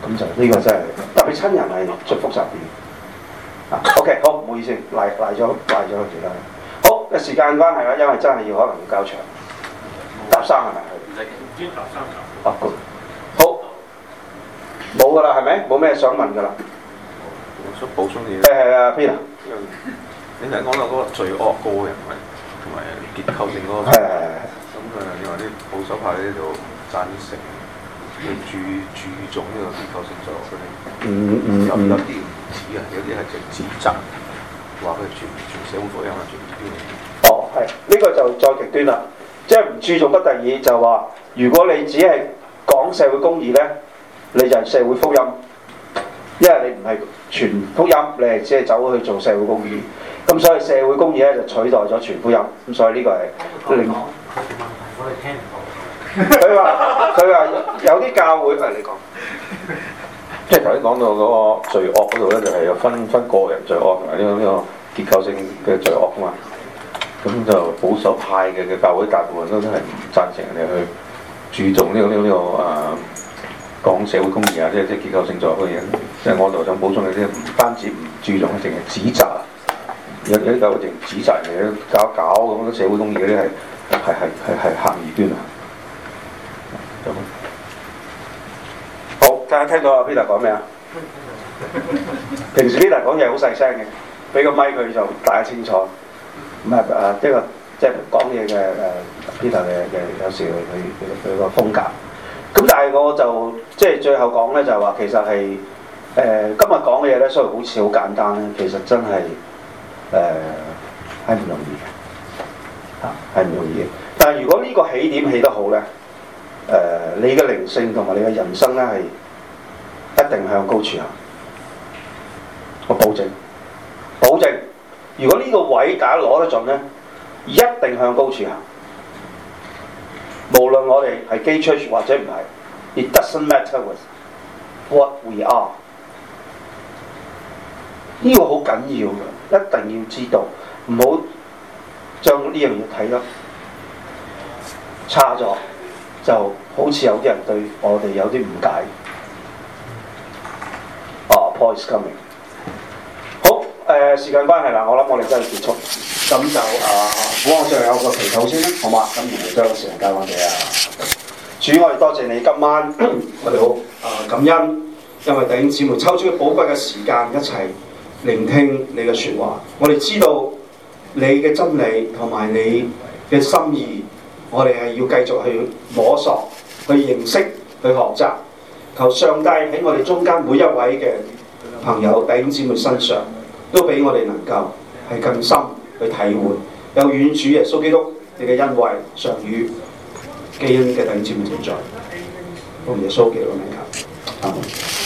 咁就呢個真係特別親人係最複雜啲。啊，OK，好，唔好意思，賴賴咗賴咗其他啦。好，嘅時間關係啦，因為真係要可能要交場。搭山係咪？唔係搭山好，冇㗎啦，係咪？冇咩想問㗎啦。我想補充你。誒係啊你成日講到嗰個罪惡個人同埋結構性嗰、那個，咁啊，你話啲保守派咧唔贊成，你注注重呢個結構性就嗯，啲，有有啲指啊，有啲係指責，話佢全社會福音啊，全端。哦，係，呢、這個就再極端啦，即係唔注重不第二就話，如果你只係講社會公義咧，你就係社會福音。因為你唔係全福音，你係只係走去做社會公義，咁所以社會公義呢，就取代咗全福音，咁所以呢個係我哋你聽唔到。佢話佢話有啲教會嚟，你講。即係頭先講到嗰個罪惡嗰度呢，就係、是、有分分個人罪惡同埋呢個呢、這個結構性嘅罪惡噶嘛。咁就保守派嘅、這個、教會大部分都都係唔贊成你去注重呢、這個呢、這個、這個、啊。講社會公義啊，即係即係結構性在嗰嘢，即係 (noise) 我就想補充你啲，唔單止唔注重，淨係指責，有有啲就淨係指責，有啲搞搞咁嘅社會公義嗰啲係係係係狹義端啊。好，大家聽到 t e r 講咩啊？ (laughs) 平時 Peter 講嘢好細聲嘅，俾個咪佢就大家清楚。咁係啊，即係即係講嘢嘅 p 誒，邊頭嘅嘅有時佢佢佢個風格。咁但係我就即係最後講咧，就話、是、其實係誒、呃、今日講嘅嘢咧，雖然好似好簡單咧，其實真係誒係唔容易嘅，嚇係唔容易嘅。但係如果呢個起點起得好咧，誒、呃、你嘅靈性同埋你嘅人生咧係一定向高處行，我保證，保證。如果呢個位大家攞得，得準咧，一定向高處行。無論我哋係基督徒或者唔係，it doesn't matter what we are。呢個好緊要嘅，一定要知道，唔好將呢樣嘢睇得差咗，就好似有啲人對我哋有啲誤解。啊，poise c 誒時間關係啦，我諗我哋真係結束，咁就啊，我最後有個祈禱先啦，好嘛？咁然後將個時間交翻俾啊主，我哋多謝你今晚我哋 (coughs) 好啊感恩，因為弟兄姊妹抽出寶貴嘅時間一齊聆聽你嘅説話，我哋知道你嘅真理同埋你嘅心意，我哋係要繼續去摸索、去認識、去學習，求上帝喺我哋中間每一位嘅朋友弟兄姊妹身上。都俾我哋能夠係更深去體會，有遠處耶穌基督，你嘅恩惠、常與基恩嘅等漸存在，我哋嘅耶穌基督老人家，啊！